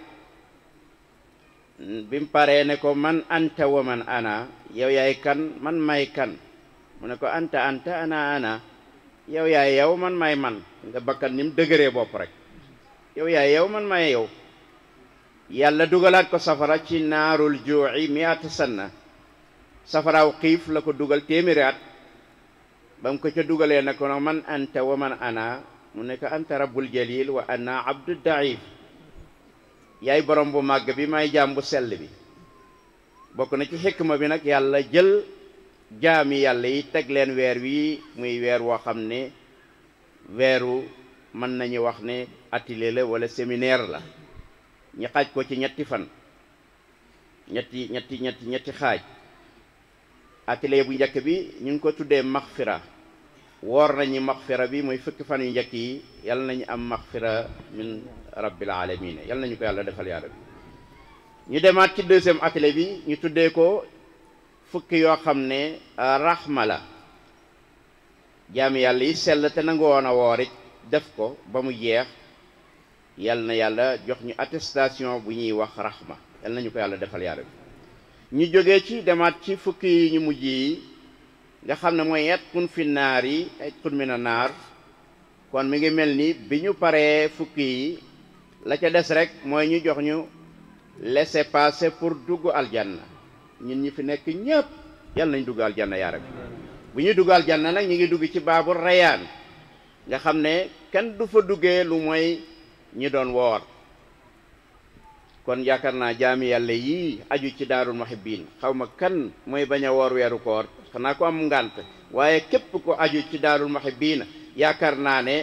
S5: bi mu paree ne ko man anta wa ana yow yaay kan man may kan mu ne ko anta anta ana ana yow yaay yow man may man nga bakkan ni mu dëgëree bopp rek yow yaay yow man may yow yàlla dugalaat ko safara ci naarul juuci miata sanna safaraaw xiif la ko dugal téeméeri at ba mu ko ca dugalee ne ko man anta wa ana muneka anta rabbul jalil wa anna abdud daif yaay borom bu mag bi may jambu sel bi bokku na ci hikma bi nak yalla jël jami yalla yi tek len wer wi muy wer wo xamne weru man nañu wax ne atilele wala seminar la ñi xaj ko ci ñetti fan ñetti ñetti ñetti ñetti xaj atilele bu njëkk bi ñu ko tuddé maghfirah woor nañu maxfira bi mooy fukki fan yu njëkk yi yal nañu am maxfira min rabbil alamina yal nañu ko yàlla defal yaa rabbi ñu demaat ci deuxième atelier bi ñu tuddee ko fukki yoo xam ne raxma la jaami yàlla yi sell te nangu woon woor it def ko ba mu jeex yal na yàlla jox ñu attestation bu ñuy wax raxma yal nañu ko yàlla defal yaa rabbi ñu jógee ci demaat ci fukki yi ñu mujj yi nga xam ne mooy yatqun fi naar yi yatqun min a naar kon mi ngi mel ni bi ñu paree fukki yi la ca des rek mooy ñu jox ñu laisser passer pour dugg aljanna ñun ñi fi nekk ñëpp yàlla nañ dugg aljanna yaa rabbi bu ñuy dugg aljanna nag ñu ngi dugg ci baabu rayaan nga xam ne kenn du fa duggee lu mooy ñi doon woor kon yaakaar naa jaami yàlla yii aju ci daarul muhibbin xaw xawma kan mooy bañ a woor weeru koor xanaa ko am ngànt waaye képp ko aju ci daarul na yaakaar naa ne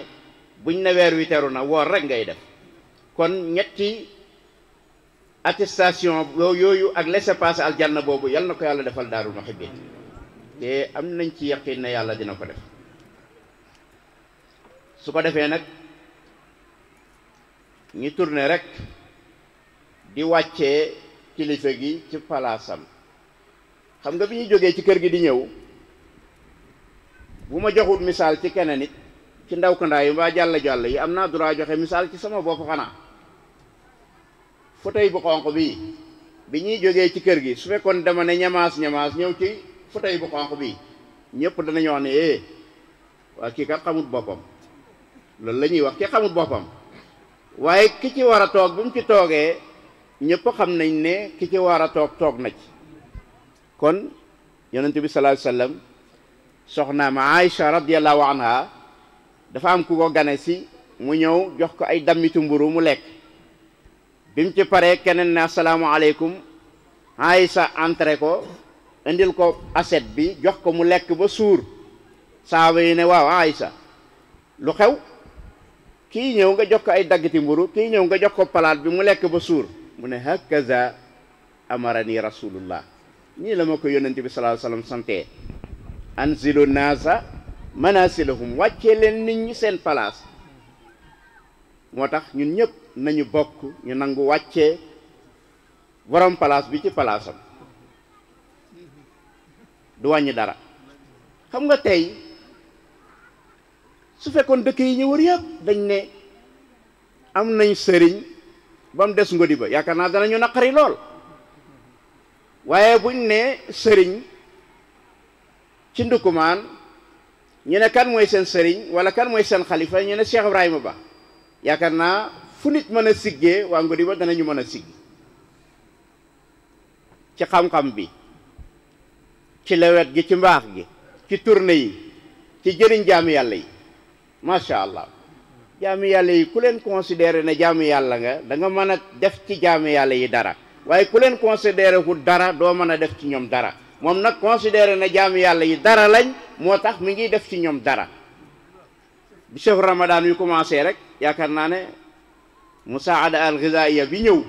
S5: buñ na weer wi na woor rek ngay def kon ñetti attestation yooyu ak laissez-passer aljanna boobu yal na ko yàlla defal daarul muhibbin te am nañ ci yaqin ne yàlla dina ko def su ko defee nag ñi tourné rek di wàccee kilifa gi ci palaasam xam nga bi ñu jógee ci kër gi di ñëw bu ma joxut misaal ci keneen it ci ndaw kandaay yi mbaa jàll jàll yi am naa droit joxe misaal ci sama bopp xanaa fauteuil bu xonq bii bi ñuy jógee ci kër gi su fekkoon dama ne ñamaas ñamaas ñëw ci fauteuil bu xonq bii ñëpp danañu wax ne eh waa kii kat xamut boppam loolu la ñuy wax ki xamut boppam waaye ki ci war a toog bu mu ci toogee ñepp xam nañ ne ki ci wara tok tok na ci kon yonente bi sallallahu alayhi wasallam ma aisha radiyallahu anha dafa am ku ko gané si mu ñew jox ko ay dammitu mburu mu lek bim ci kenen na assalamu alaykum aisha entré ko andil ko assiette bi jox ko mu lek ba sour sa way ne waaw aisha lu xew ki ñew nga jox ko ay daggiti mburu ki ñew nga jox ko bi mu lek ba sour mu ne hakaza amarani rasulullah nii la ma ko yonente bi sallallahu alayhi wa sallam sante anzilu naasa manasilahum wàccee leen nit ñi seen palaas moo tax ñun ñëpp nañu bokk ñu nangu wàcce borom palaas bi ci palaasam du wàññi dara xam nga tey su fekkoon dëkk yi ñu wër yëpp dañ ne am nañ sëriñ ba mu des ngodi ba yaakaar naa danañu naqari lool waaye buñ nee sëriñ ci ndukumaan ñu ne kan mooy seen sëriñ wala kan mooy seen xalifa ñene ne Cheikh Ibrahima Ba yaakaar naa fu nit mën a siggee waa ngodi ba danañu mën a sigg ci xam-xam bi ci lewet gi ci mbaax gi ci tournée yi ci jëriñ jaami yàlla yi macha allah jaami yàlla yi ku leen considere na jaami yàlla nga da mën a def ci jaami yàlla yi dara waaye ku leen considéré ku dara doo mën a def ci ñoom dara moom nag considere na jaami yàlla yi dara lañ moo tax mu ngi def ci ñoom dara bi chef ramadan yu commencé rek yaakaar naa ne musaada al ghizaiya bi ñëw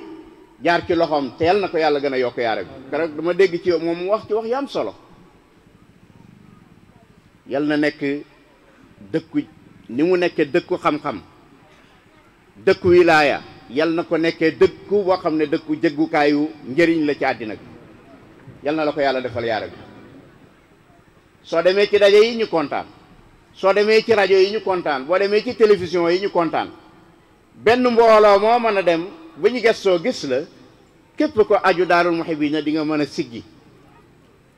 S5: jaar ci loxoom teel na ko yàlla gën a yokk yaare bi keroog dama dégg ci moom mu wax ci wax yu solo yal na nekk dëkku ni mu nekkee dëkku xam-xam dëkku wilaaya yal na ko nekkee dëkku boo xam ne dëkku jëggukaayu njëriñ la ci àddina bi yal na la ko yàlla defal yaara bi soo demee ci daje yi ñu kontaan soo demee ci rajo yi ñu kontaan boo demee ci télévision yi ñu kontaan benn mbooloo moo mën a dem ba ñu gëstoo gis la képp ko aju daarul muhibbina di nga mën a siggi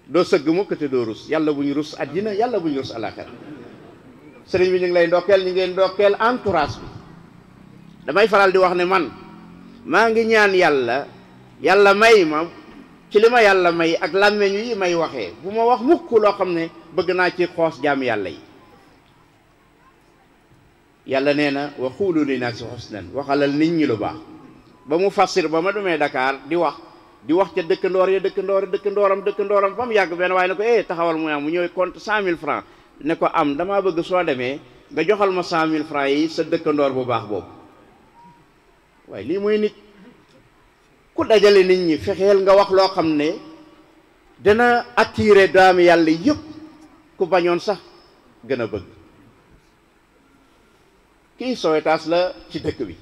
S5: doo sëgg mukk te doo rus yàlla bu ñu rus àddina yàlla bu ñu rus àllaaxira sering bi ñu ngi lay ndokkeel ñu ngi lay entourage bi damay faral di wax ne man ma ngi ñaan yalla yalla may ma ci lima yalla may ak lammeñu yi may waxe buma wax mukk lo xamne ne bëgg na ci xoss jaam yalla yi yalla neena na wa xuulu li husnan xusnan waxalal nit ñi lu baax ba mu fasir ba ma demee Dakar di wax di wax dekk ndor ya dëkkandoor ya dëkkandooram dëkkandooram ko eh taxawal mu mu ñëw compte 100000 francs ne ko am damaa bëgg soo demee nga joxal ma cent mille francs yi sa dëkkandoor bu baax boobu waaye lii mooy nit ku dajale nit ñi fexeel nga wax loo xam ne dana attiré daam yàlla yëpp ku bañoon sax gën a bëgg kii Sowetaas la ci dëkk bi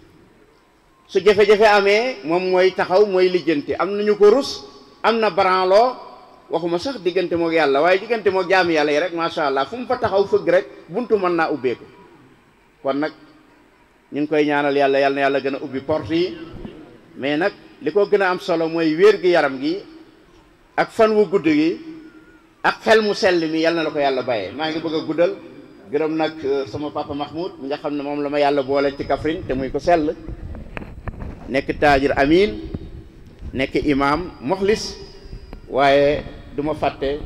S5: su jafe-jafe amee moom mooy taxaw mooy lijjanti am na ñu ko rus am na branloo waxuma sax diggante moog yàlla waaye diggante moog jaami yàlla yi rek macha allah fu mu fa taxaw fëgg rek buntu mën naa ubbeeku kon nag ñu ngi koy ñaanal yàlla yàlla yàlla gën a ubbi port yi mais nag li ko gën a am solo mooy wér gi yaram gi ak fan wu gudd gi ak xel mu sell mi yàlla na la ko yàlla bàyyee maa ngi bëgg a guddal gërëm nag euh, sama papa Mahmoud mi nga xam ne moom la ma yàlla boole ci Kaffrine te muy ko sell nekk taajir amin nekk imam moxlis waye duma faté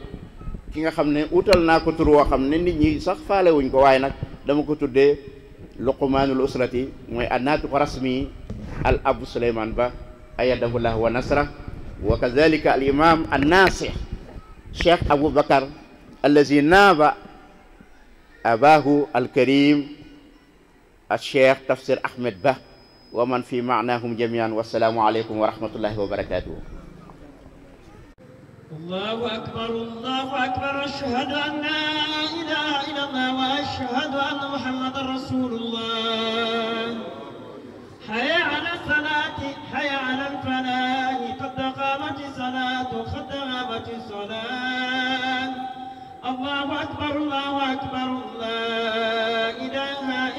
S5: ki nga xamné outal utal naa ko tur woo xam nit ñi sax faale wuñ ko waye nak dama ko tuddé luqmanul usrati moy annaatiqu rasmi al abu suleyman ba ayadahu llah wa nasra wa kadhalika al imam annaasix cheikh abou bakar allazi naaba abahu alkarim الشيخ تفسير أحمد به ومن في معناهم جميعا والسلام عليكم ورحمة الله وبركاته
S12: الله أكبر الله أكبر أشهد أن لا إله إلا الله وأشهد أن محمدا رسول الله حي على الصلاة حي على الفلاح قد قامت الصلاة قد قامت الصلاة الله أكبر الله أكبر لا إله إلا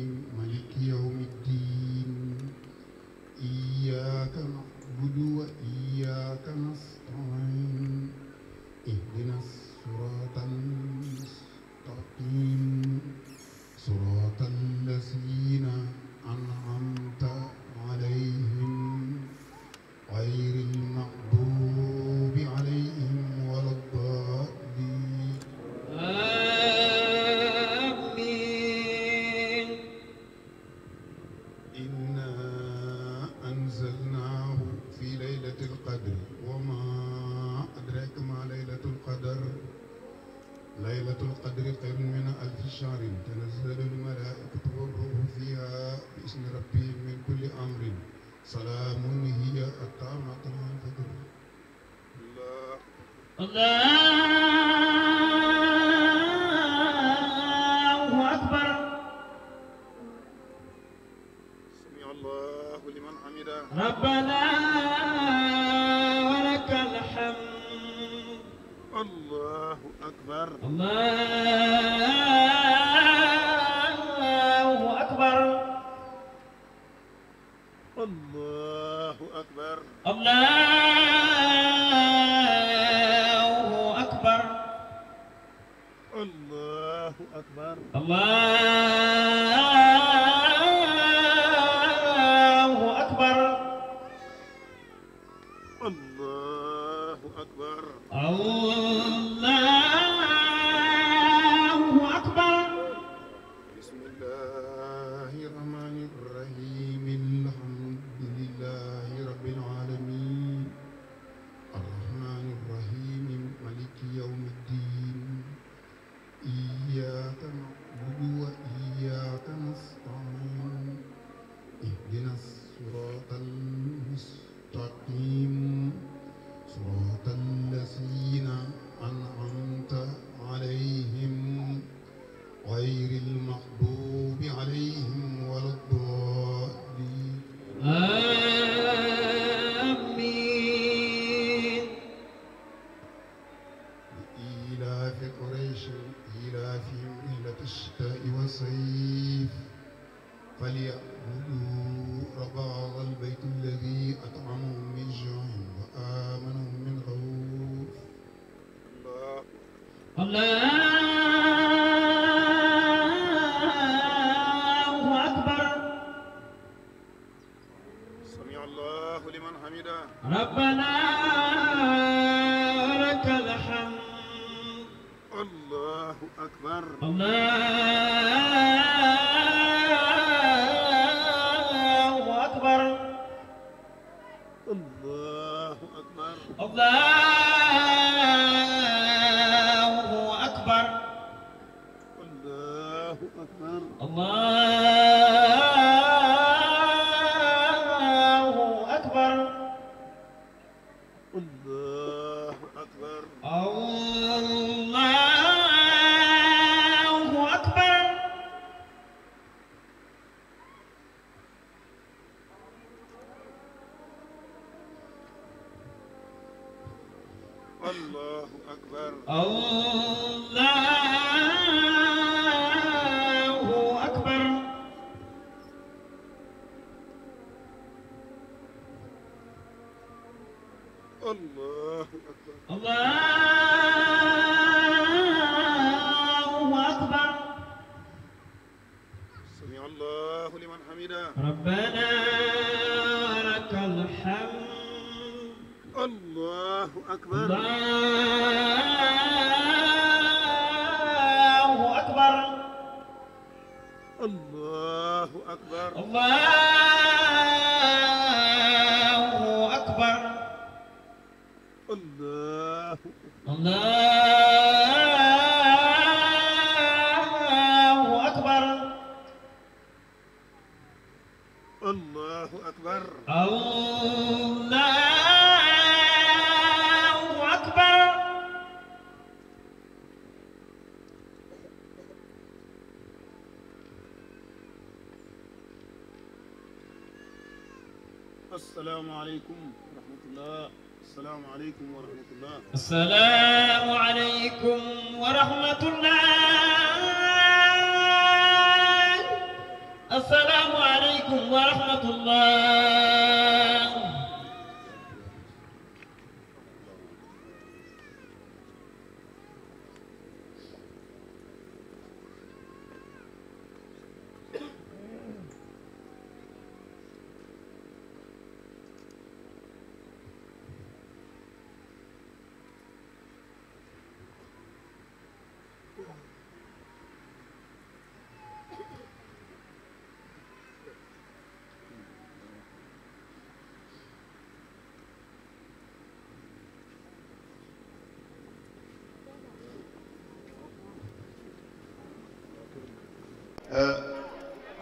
S12: أكبر الله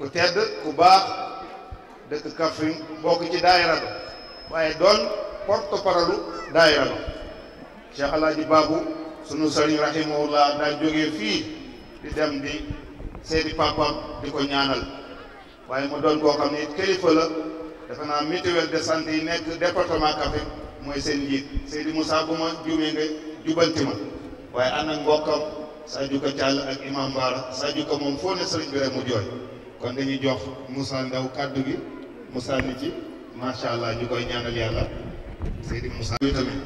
S8: ku tedd ku baax dëkk Kaffrine bokk ci daayira ba waaye doon porte parole daayira ba Cheikh Alaaji Baabu sunu sëriñ rahimahullah daan jógee fii di dem di seeti papam di ko ñaanal waaye moo doon koo xam ne kilifa la defe naa mutuelle de yi nekk département Kaffrine mooy seen njiit Seydi bu ma juumee jubanti ma waaye ànd ak mbokkam Sadio Ka Thial ak Imam Bara Sadio Ka moom foo ne sëriñ bi rek mu jooy kon dañuy jox Moussa Ndaw kàddu gi musaa ni ci macha allah ñu koy ñaanal yàlla Seydi Moussa yu tamit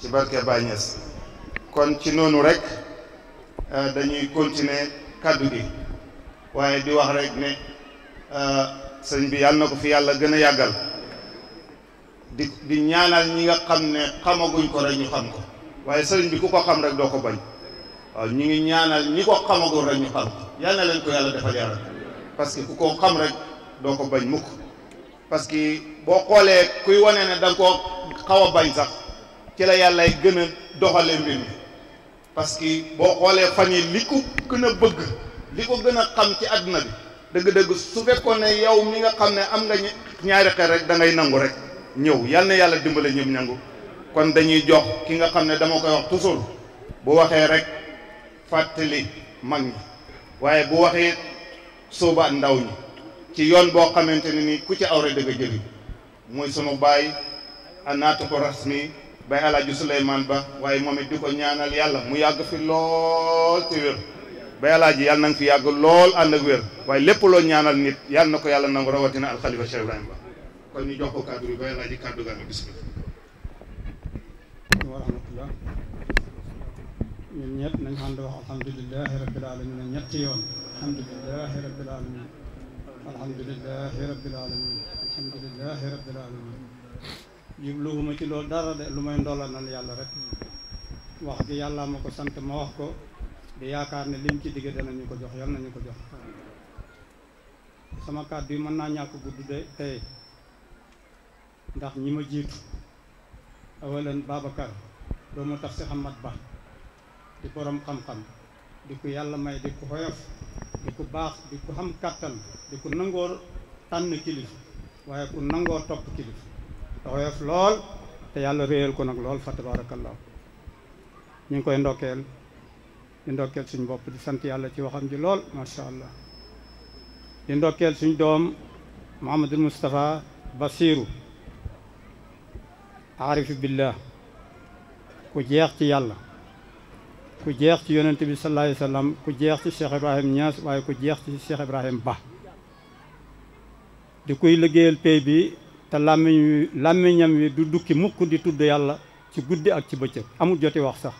S8: ci barke Baye Niass kon ci noonu rek euh, dañuy continuer kàddu gi waaye di wax rek ne euh, sëñ bi yàlla na ko fi yàlla gën a yàggal di di ñaanal ñi nga xam ne xamaguñ ko rek ñu xam ko waaye sëriñ bi ku ko xam rek doo ko bañ waaw ñu ngi ñaanal ñi ko xamagul rek ñu xam ko yal na leen ko yàlla defal yaram parce que ku ko xam rek doo ko bañ mukk parce que boo xoolee kuy wane ne da nga koo xaw a bañ sax ci la yàllay gën a doxalee mbir mi parce que boo xoolee fan yi li ko gën a bëgg li ko gën a xam ci àdduna bi dëgg-dëgg su fekkoon ne yow mi nga xam ne am nga ñaari xel rek da nangu rek ñëw yal na yàlla dimbale ñëpp nangu kon dañuy jox ki nga xam ne dama koy wax toujours bu waxee rek fàttali mag ñi waaye bu waxee sóobaat ndaw ñi ci yoon boo xamante ne ni ku ci awra dëgg a jëriñ mooy sunu baay a naatu ko rasmi bay alaaju Souleymane Ba waaye moom it di ko ñaanal yàlla mu yàgg fi lool ci wér bay alaaji yàlla na fi yàgg lool ànd ak wér waaye lépp loo ñaanal nit yàlla na ko yàlla nangu rawatina alxalifa Cheikh Ibrahima Ba kon ñu jox ko kàddu bi bay alaaji kàddu gaa ngi bismillah
S13: wa rahmatullah ñun ñett nañ xam di wax alhamdulilahi rabbil alamin ñetti yoon الحمد لله رب العالمين الحمد لله رب العالمين الحمد لله رب العالمين di ko awalan di borom xam-xam di di di ku baax di ku xam kàttan di ku nangoo tànn kilifa waaye ku nangoo topp kilifa taxoyof lool te yàlla réyal ko nag lool fa tabaarakallaahu ñu ngi koy ndokkeel di ndokkeel suñ bopp di sant yàlla ci waxam ji lool macha allah di ndokkeel suñ doom Muhammadul Moustapha Basiru aarifi billah ku jeex ci yàlla ku jeex ci yonnati bi sallallahu alayhi wasallam ku jeex ci Cheikh Ibrahim nias waye ku jeex ci Cheikh Ibrahim Ba di kuy liggeel pey bi ta làmmiñ lamiñam wi du dukki mukk di tudd yalla ci guddi ak ci bëccëg amul joti wax sax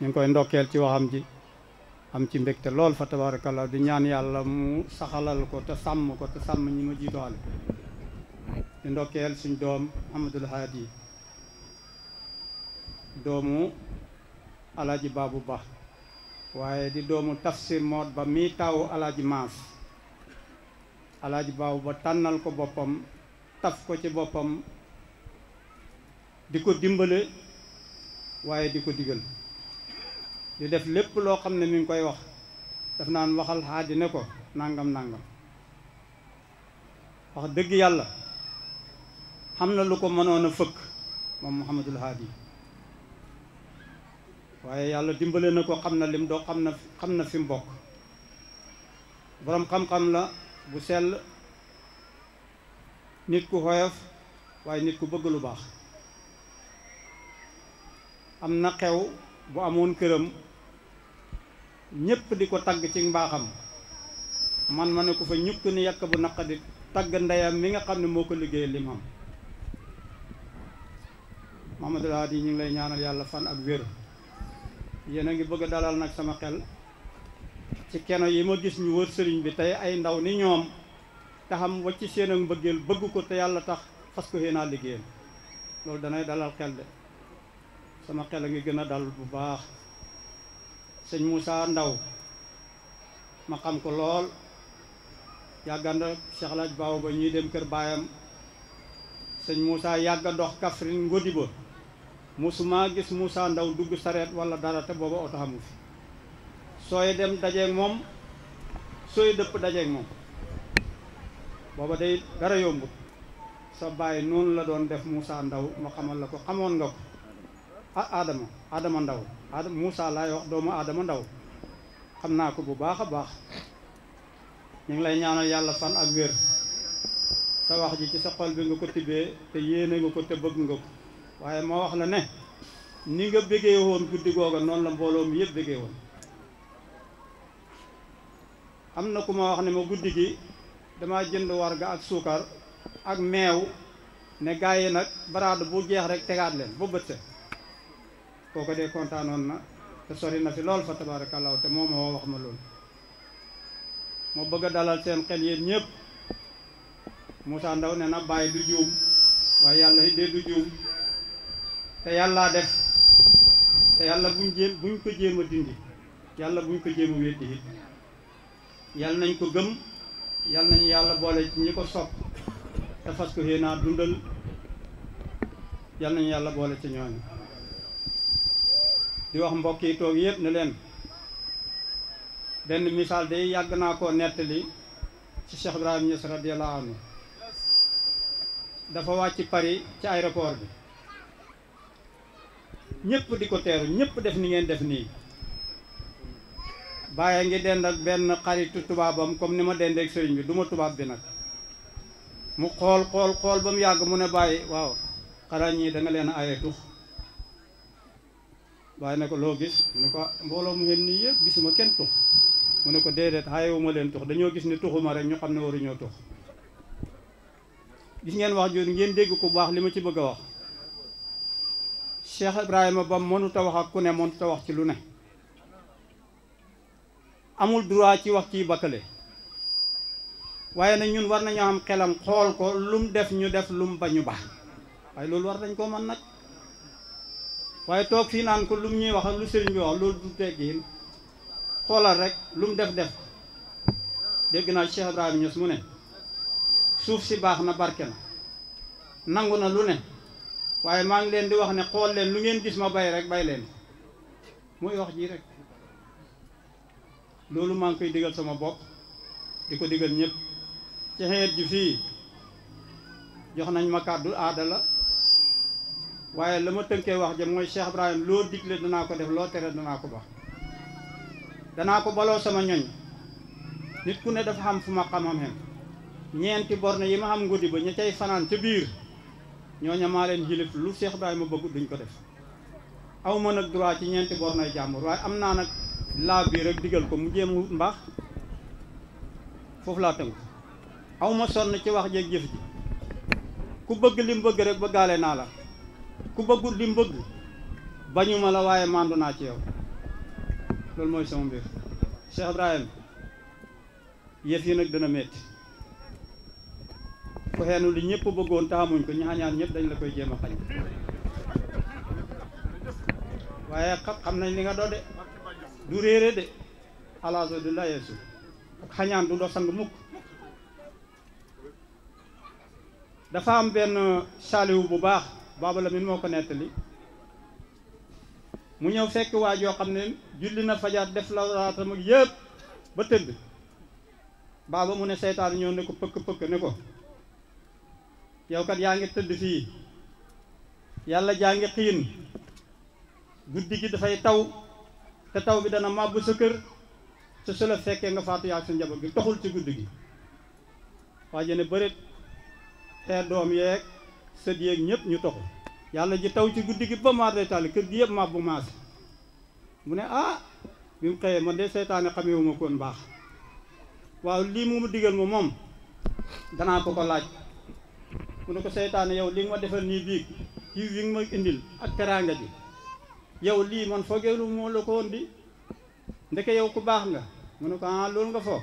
S13: ñu koy ndokkel ci waxam ji am ci mbekté lool fa tabarakallah di ñaan yalla mu saxalal ko ta sam ko ta sam ñi ma jiitoole di suñ doom Amadul hadi doomu alaaji baabu ba waaye di doomu tafsir moot ba mii taawu alaaji maas alaaji baabu ba tànnal ko boppam taf ko ci boppam di ko dimbale waaye di ko digal di def lépp loo xam ne mi ngi koy wax daf naan waxal xaaji ne ko nangam nangam wax dëgg yàlla xam na lu ko mënoon a fëkk moom mu Muhammadul Haadi waaye yàlla dimbale na ko xam na lim doo xam na xam na fi mbokk boroom xam-xam la bu sell nit ku xoyof waaye nit ku bëgg lu baax am na xew bu amoon këram ñépp di ko tagg ci mbaaxam man ma ne ko fa ñukk ni yàkk bu naqadi tagg ndeyam mi nga xam ne moo ko liggéeyal lim am Mamadou Hadi ñu ngi lay ñaanal yàlla fan ak wér yéen a ngi bëgg a dalal nag sama xel ci keno yi ma gis ñu wër sëriñ bi tey ay ndaw ni ñoom te xam wacc seen ak mbëggeel bëgg ko te yàlla tax fas ko xéenaa liggéeyal loolu danay dalal xel de sama xel a ngi gën a dal bu baax sëñ Moussa Ndaw ma xam ko lool yàgganda Cheikh Alaj Baaw ba ñuy dem kër baayam sëñ Moussa yàgga dox Kaffrine Ngodiba musuma gis Moussa Ndaw dugg sareet wala dara te booba oto xamu fi sooy dem dajeeg moom sooy dëpp dajeeg moom booba day dara yombut sa bàyyi noonu la doon def Moussa Ndaw ma xamal la ko xamoon nga ko ah Adama Adama Ndaw Adama Moussa laay wax doomu Adama Ndaw xam naa ko bu baax a baax ñu ngi lay ñaanal yàlla fan ak wér sa wax ji ci sa xol bi nga ko tibbee te yéene nga ko te bëgg nga ko waaye ma wax la ne ni nga bëggee woon guddi googa noonu la mbooloo mi yëpp bëggee woon am na ku ma wax ne ma guddi gi dama jënd war ga ak suukar ak meew ne gaa yi nag baraadu bu jeex rek tegaat leen ba bëtt koo ko dee kontaanoon na te sori na fi lool fa tabaarakallaahu te moo ma wax ma lool ma bëgg a dalal seen xel yéen ñëpp Moussa Ndaw ne na bàyyi du juum waaye yàlla it dee du juum te yàllaa def te yàlla buñ jéem buñ ko jéem a dindi yàlla buñ ko jéem a weddi yàlla nañ ko gëm yàlla nañu yàlla boole ci ñi ko sopp te dundal yàlla nañu yàlla boole ci ñooñu di wax mbokk yi toog yëpp ne leen benn misaal de yàgg naa ko nettali ci Cheikh Ibrahima Niass radiyallahu dafa wàcc Paris ci aéroport bi ñëpp di ko teeru ñépp def ni ngeen def nii bàyyi ngi dend ak benn xaritu tubaabam comme ni ma dendeeg sëriñ bi duma tubaab bi nag mu xool xool xool ba mu yàgg mu ne bàyyi waaw xanaa ñii da leen aye tux bàyyi ne ko loo gis mu ne ko mbooloo mu ngeen nii yëpp gisuma kenn tux mu ne ko déedéet ayewuma leen tux dañoo gis ne tuxuma rek ñu xam ne waruñoo tux gis ngeen wax jooju ngeen dégg ko baax li ma ci bëgg a wax Cheikh Ibrahima ba mënut a wax ak ku ne mënut a ci lu ne amul droit ci wax kii bakkale waaye nag ñun war nañu am xelam xool ko lum def ñu def lum ba ñu baax waaye loolu war nañ koo mën nag waaye toog fii naan ko lum ñuy wax ak lu sëriñ bi wax loolu du teggiin xoolal rek lum def def dégg naa Cheikh Ibrahima Niass mu ne suuf si baax na barke na nangu na lu ne waye manglen ngi len di wax ne xol len lu ngeen gis ma bay rek bay len mooy wax ji rek lolu ma ngi koy digal sama bop di ko digal ñëpp ci xeer ju fi jox nañ ma kaddu adala waye lama teunké wax je moy Cheikh Ibrahim lo diglé dana ko def lo téré dana ko bax dana ko balo sama ñooñ nit ku ne dafa xam fu ma xam ñeenti borne yi ma xam ba ñooña maa leen xilif lu Cheikh Ibrahima bëgg duñ ko def aw ma nag droit ci ñeenti bor nay jàmbur waaye am naa nag laa bi rek digal ko mu jéem wut mbaax foofu laa tënk aw ma sonn ci wax jeeg jëf ji ku bëgg li mu bëgg bëggaale naa la ku bëggul li mu bëgg bañu ma la waaye mandu naa ci yow loolu mooy sama mbir Cheikh Ibrahima yëf yi nag dana metti ku li ñëpp bëggoon taamuñ ko ñaañaan ñëpp dañ la koy jéem a xañ waaye xam nañ li nga doo de du réere de alaaso du benn saaliwu bu baax baaba la min ko nettali mu ñëw fekk waa joo xam ne julli na fajar def la raatam ak yëpp ba tëdd baaba mu ne seytaan ñëw ne ko pëkk pëkk ne ko yow kat yaangi teud fi yalla jaangi xiin guddi gi dafay taw te taw bi dana mabbu sa keur te solo fekke nga faatu yaak sa njabo gi taxul ci guddi gi waa jene te dom yek seud yeeg ñep ñu toxu yalla ji taw ci guddi gi ba ma re tal keur gi yëpp mabbu maas mune ah bim xeye man de seytaane xamewuma kon bax waaw li mu digel mo mom dana ko ko laaj mu ne ko seytaane yow li nga defal ni biig yi nga ma indil ak teranga ji yow li man fogelu mo lo ko ndi ndeke yow ku bax nga mu ko ah loolu nga fo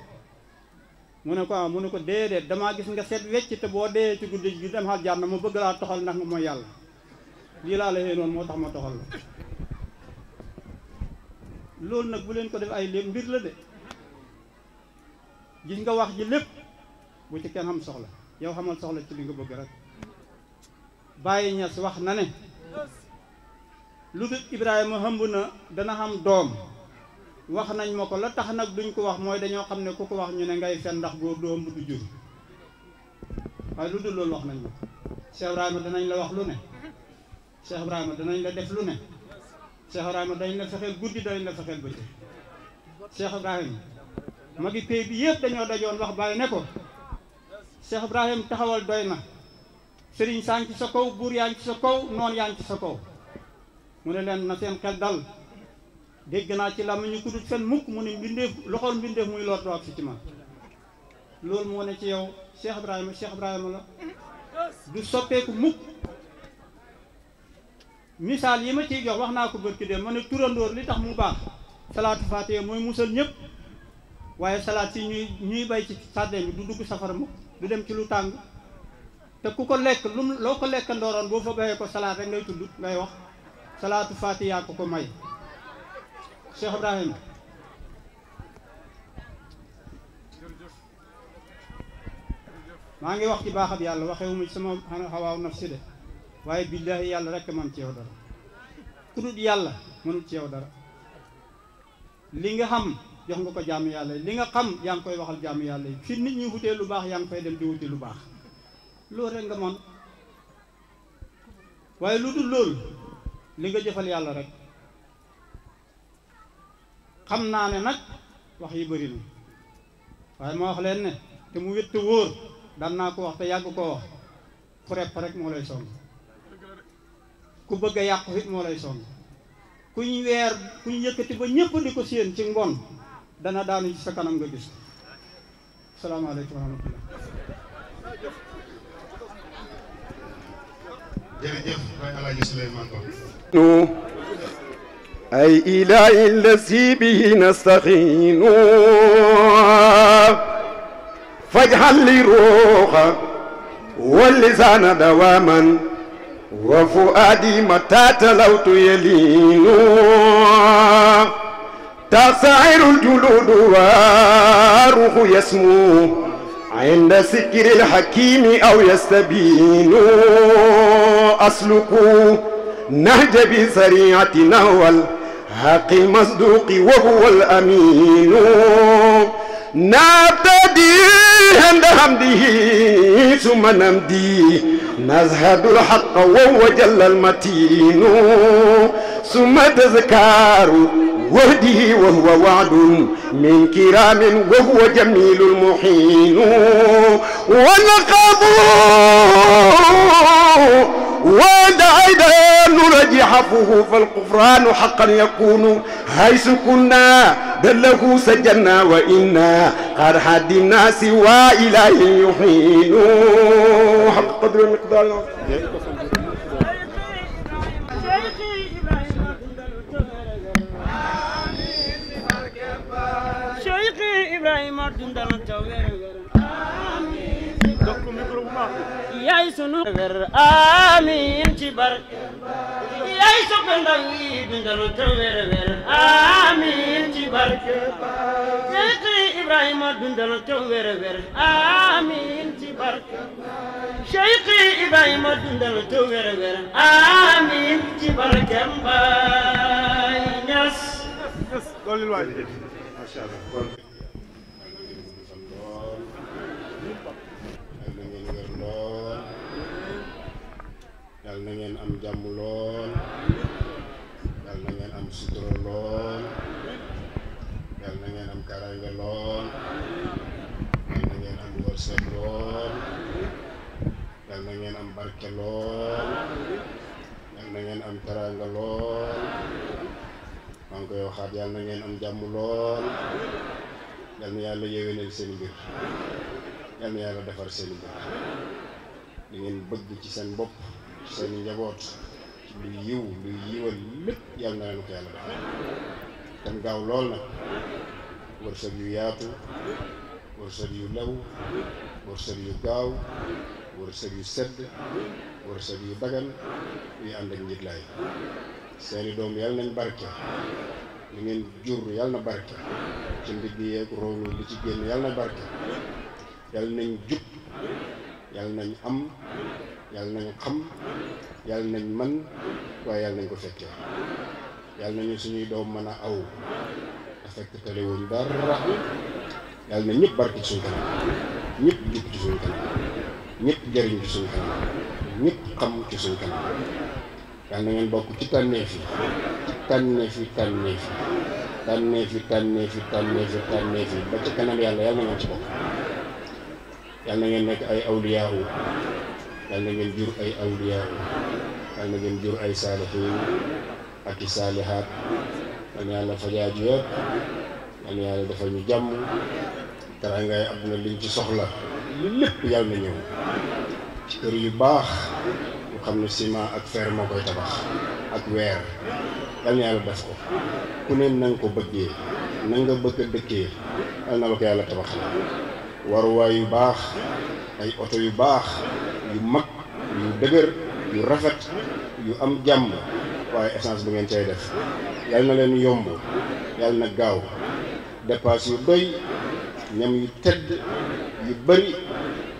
S13: mu ko ah mu ko gis nga set wetch te bo de ci guddi gi dem xal jànn mo beug la toxal nak mo yalla li la lay non motax ma toxal la loolu bu len ko def ay lem mbir la de gis nga wax ji lepp bu ci ken xam soxla yow xamal soxla ci li nga bëgg rek Baye Niass wax na ne lu dul Ibrahima xëmb na dana xam doom wax nañ ma ko la tax nag duñ ko wax mooy dañoo xam ne ku ko wax ñu ne ngay fen ndax góor du ëmb du jur waaye lu dul loolu wax nañ ma ko Cheikh danañ la wax lu ne Cheikh Ibrahima danañ la def lu ne Cheikh Ibrahima dañ la fexeel guddi dañ la fexeel bëccëg Cheikh Ibrahima magi pay bi yëpp dañoo dajoon wax Baye ne ko Cheikh Ibrahim taxawal doy na sëriñ saa ci sa kaw buur yaa ci sa kaw noon yaa ci sa kaw mu ne leen na seen xel dal dégg naa ci làm ñu kudut fen mukk mu ne mbindeef loxool mbindeef muy loor doo ak si ci man loolu moo ne ci yow Cheikh Ibrahima Cheikh Ibrahima la du soppeeku mukk misaal yi ma ciy jox wax naa ko bërki dem ma ne turandoor li tax mu baax salaatu faatee mooy musal ñëpp waaye salaat si ñuy ñuy bay ci sàddee bi du dugg safara mukk lu dem ci lu tàng te ku ko lekk lu loo ko lekk ndooroon boo fa bayee ko salaat rek ngay tudd ngay wax salaatu fatiha ko ko may Cheikh Ibrahima maa ngi wax ci baaxab yàlla waxewuma ci sama xawaaw nafsi de waaye billaahi yàlla rekk man ci yow dara ku dul yàlla mënul ci dara li nga xam jox nga ko jàmm yàlla li nga xam yaa ngi koy waxal jàmm yàlla yi fi nit ñi wutee lu baax yaa ngi fay dem di wuti lu baax loolu rek nga mën waaye lu dul lool li nga jëfal yàlla rek xam naa ne nag wax yi bëri waaye ma wax leen ne te mu wétt wóor daan naa ko wax te yàgg koo wax ku repp rek moo lay song ku bëgg a yàqu it moo lay song kuñ weer kuñ yëkkati ba ñëpp di ko séen ci ngoon dana daanu ci sa kanam nga gis salaamaaleykum wa rahmatullah
S8: jërëjëf bay alaaji Souleymane Ba
S7: ay ilaahi lazi bihi nastaxiinu fajxal li ruuxa wal lisaana dawaaman wa fuaadi mata talawtu yeliinu تسعر الجلود واروح يسمو عند سكر الحكيم أو يستبين أسلكوا نهج بسريعة نهو الحق المصدوق وهو الأمين نبتدي عند حمده ثم نمدي نزهد الحق وهو جل المتين ثم تذكار وهدي وهو وعد من كرام وهو جميل المحين ونقض وعد عيدان رجحفه فالكفران حقا يكون حيث كنا بل له سجنا وإنا قد حد الناس وإله يحين حق قدر المقدار
S12: Ibrahima dundal ca wér wér amiin dokku micro bu baax yaay sunu wér amiin ci barke yaay soppe ndaw yi dundal ca wér wér amiin ci barke Ibrahima dundal ca wér wér amiin ci barke Cheikh Ibrahima dundal ca wér wér amiin ci barke Mbaye Niass dolil waay macha Allah
S2: yal na ngeen am jàmm lool yal na ngeen am sutura lool yal na ngeen am karange lool yal na ngeen am am barke lool yal na ngeen am karange lool maa ngi koy waxaat yal na ngeen am jàmm lool yal na yàlla yéwénal seen mbir yal na yàlla defar seen mbir li bëgg ci seen bopp sañu njaboot lu yiw lu yiwal lépp yàlla na leen ko yàlla defal dem gaaw lool na wërsëg yu yaatu wërsëg yu law wërsëg yu gaaw wërsëg yu sedd wërsëg yu dagan yu ànd ak njitlaay seeni doom yàlla nañ barke li ngeen jur yàlla na barke ci ndigg yeeg roolu li ci génn yàlla na barke yàlla nañ jub yàlla nañ am yal nañu xam yal nañ man waaye yàlla nañ ko fekkee yàlla nañu suñuy doom mën a aw affecté tali wuñ dara yàlla na ñëpp barke ci suñu kanam ñëpp jub ci suñu kanam ñëpp jëriñ ci suñu kanam ñëpp xam ci suñu kanam yàlla na ngeen bokk ci tànneef yi ci tànneef yi tànneef yi tànneef yi tànneef yi tànneef yi tànneef yi ba ci kanam yàlla na ngeen ci bokk na ngeen nekk ay awliyaahu yàlla na ngeen jur ay awliyaa yàlla na ngeen jur ay saalihiin ak i saalihaat yal na yàlla fajaaju yëpp yal na yàlla dafa ñu jàmm teraangaay àdduna liñ ci soxla li lépp yàlla na ñëw ci kër yu baax ñu xam ne ciment ak fer moo koy tabax ak weer yal na yàlla def ko ku ne na nga ko bëggee na nga dëkkee yal na la ko yàlla tabax la waruwaay yu baax ay oto yu baax yu mag yu dëgër yu rafet yu am jàmm waaye essence bu ngeen cay def yàlla na leen yomb yàlla na gaaw dépasse yu doy ñam yu tedd yu bari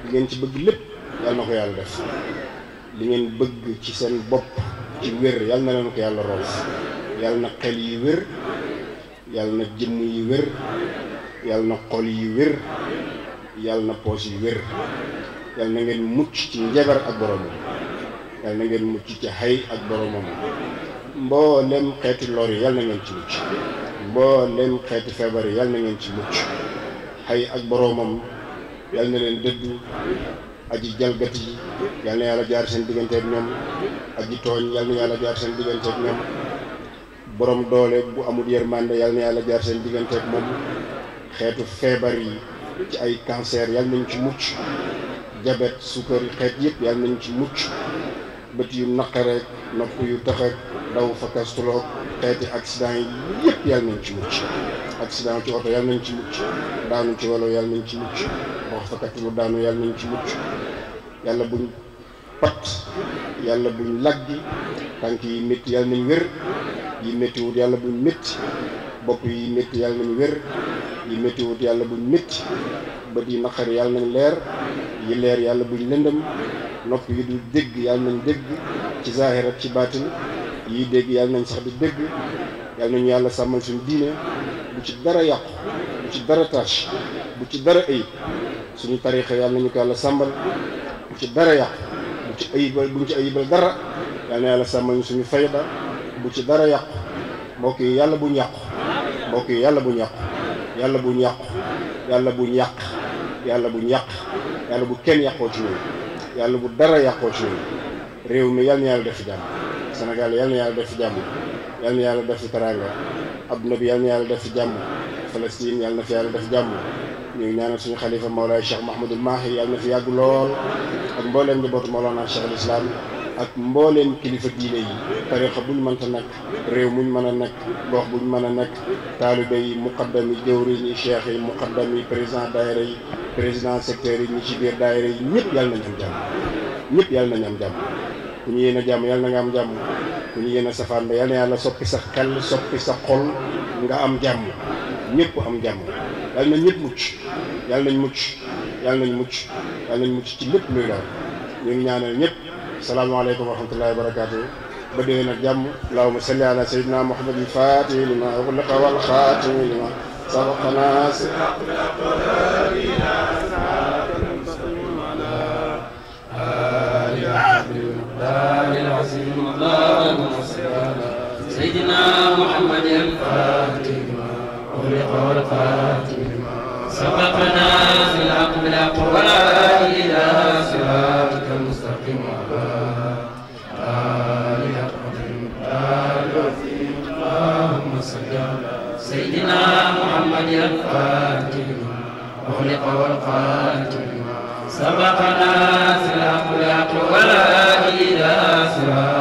S2: li ngeen ci bëgg lépp yàlla na ko yàlla def li ngeen bëgg ci seen bopp ci wér yàlla na leen ko yàlla rool yàlla na xel yi wér yàlla na jëmm yi wér yàlla na xol yi wér yàlla na poche yi wér yàlla na ngeen mucc ci njabar ak boromam yàlla na ngeen mucc ci xay ak boromam mboolem xeeti lor yi yàlla na ngeen ci mucc mboolem xeeti feebar yi yàlla ci mucc ak boroomam yàlla na leen dëdd aji jalgati yi yàlla na yàlla jaar seen digganteeg ñoom aji tooñ yàlla na yàlla jaar seen digganteeg ñoom boroom doole bu amul yërmande yàlla na yàlla jaar seen digganteeg moom xeetu feebar yi ci ay cancer yàlla nañ ci mucc jabet yi xeet yëpp yàlla nañ ci mucc bët yu naqareek nopp yu taxak daw fakastuloog xeeti accident yi yëpp yàlla nañ ci mucc accident ci oto yàlla nañ ci mucc daanu ci welo yàlla nañ ci mucc wax fakatulu daanu yàlla nañ ci mucc yàlla buñ pat yàlla buñ laggi tànk yi métti yàlla nañ wér yi méttiwut yàlla buñ métti bopp yi métti yàlla nañ wér yi métti wut yàlla buñ métti bët yi naqari yàlla nañ leer yi leer yàlla buñ lëndëm nopp yi du dégg yàlla nañ dégg ci zaahir ci baatin yi dégg yàlla nañ sax di dégg yàlla nañu yàlla sàmmal suñu diine bu ci dara yàqu bu ci dara tâche bu ci dara ayib suñu tariixa yàlla nañu ko yàlla sàmbal bu ci dara yàqu bu ci ayibal bu ci ayibal dara yàlla na ñu suñu fayda bu ci dara yàqu mbokk yi yàlla buñ yàqu mbokk yi yàlla buñ yàqu yàlla buñ yàqu yàlla bu yàq yàlla buñ yàq yàlla bu kenn yàqoo ci ñun yàlla bu dara yàqoo ci ñun réew mi yal na yàlla def fi jàmm Sénégal yàlla def fi jàmm na yàlla def ci teraanga adduna bi yal na yàlla def ci jàmm Palestine yal na fi yàlla def jàmm ñu ngi ñaanal suñu xalifa Mawlaay Cheikh Mahmoudul Mahi yal na fi yàgg lool ak mbooleem njabootu Mawlaana Cheikh al ak mbooleem kilifa diine yi tarixa buñ mënta nekk réew muñ mën a nekk gox buñ man a nekk taalibe yi muqaddam yi jëwriñ yi cheikh yi muqaddam yi président daayira président secteur yi ñi ci biir daayira yi ñëpp yàlla nañ am jàmm ñëpp yàlla nañ am jàmm ñu yéen a jàmm yàlla na am jàmm ku yéen a safaan yàlla na yàlla soppi sa xel soppi sa xol nga am jàmm ñëpp am jàmm yàlla na ñëpp mucc yàlla nañ mucc yàlla nañ mucc yàlla nañ mucc ci lépp luy daal ñu ngi ñaanal السلام عليكم ورحمة الله وبركاته بدينا الجمع اللهم صل على سيدنا محمد الفاتح لما أغلق والخاتم لما سبق ناس
S3: سيدنا محمد الفاتح لما أغلق والخاتم سبق ناس الحق بالأقوال إلى سبق ولي الخاتم أغلق والقاتم
S12: سبقنا
S3: سلاح الأقوال إلى صراط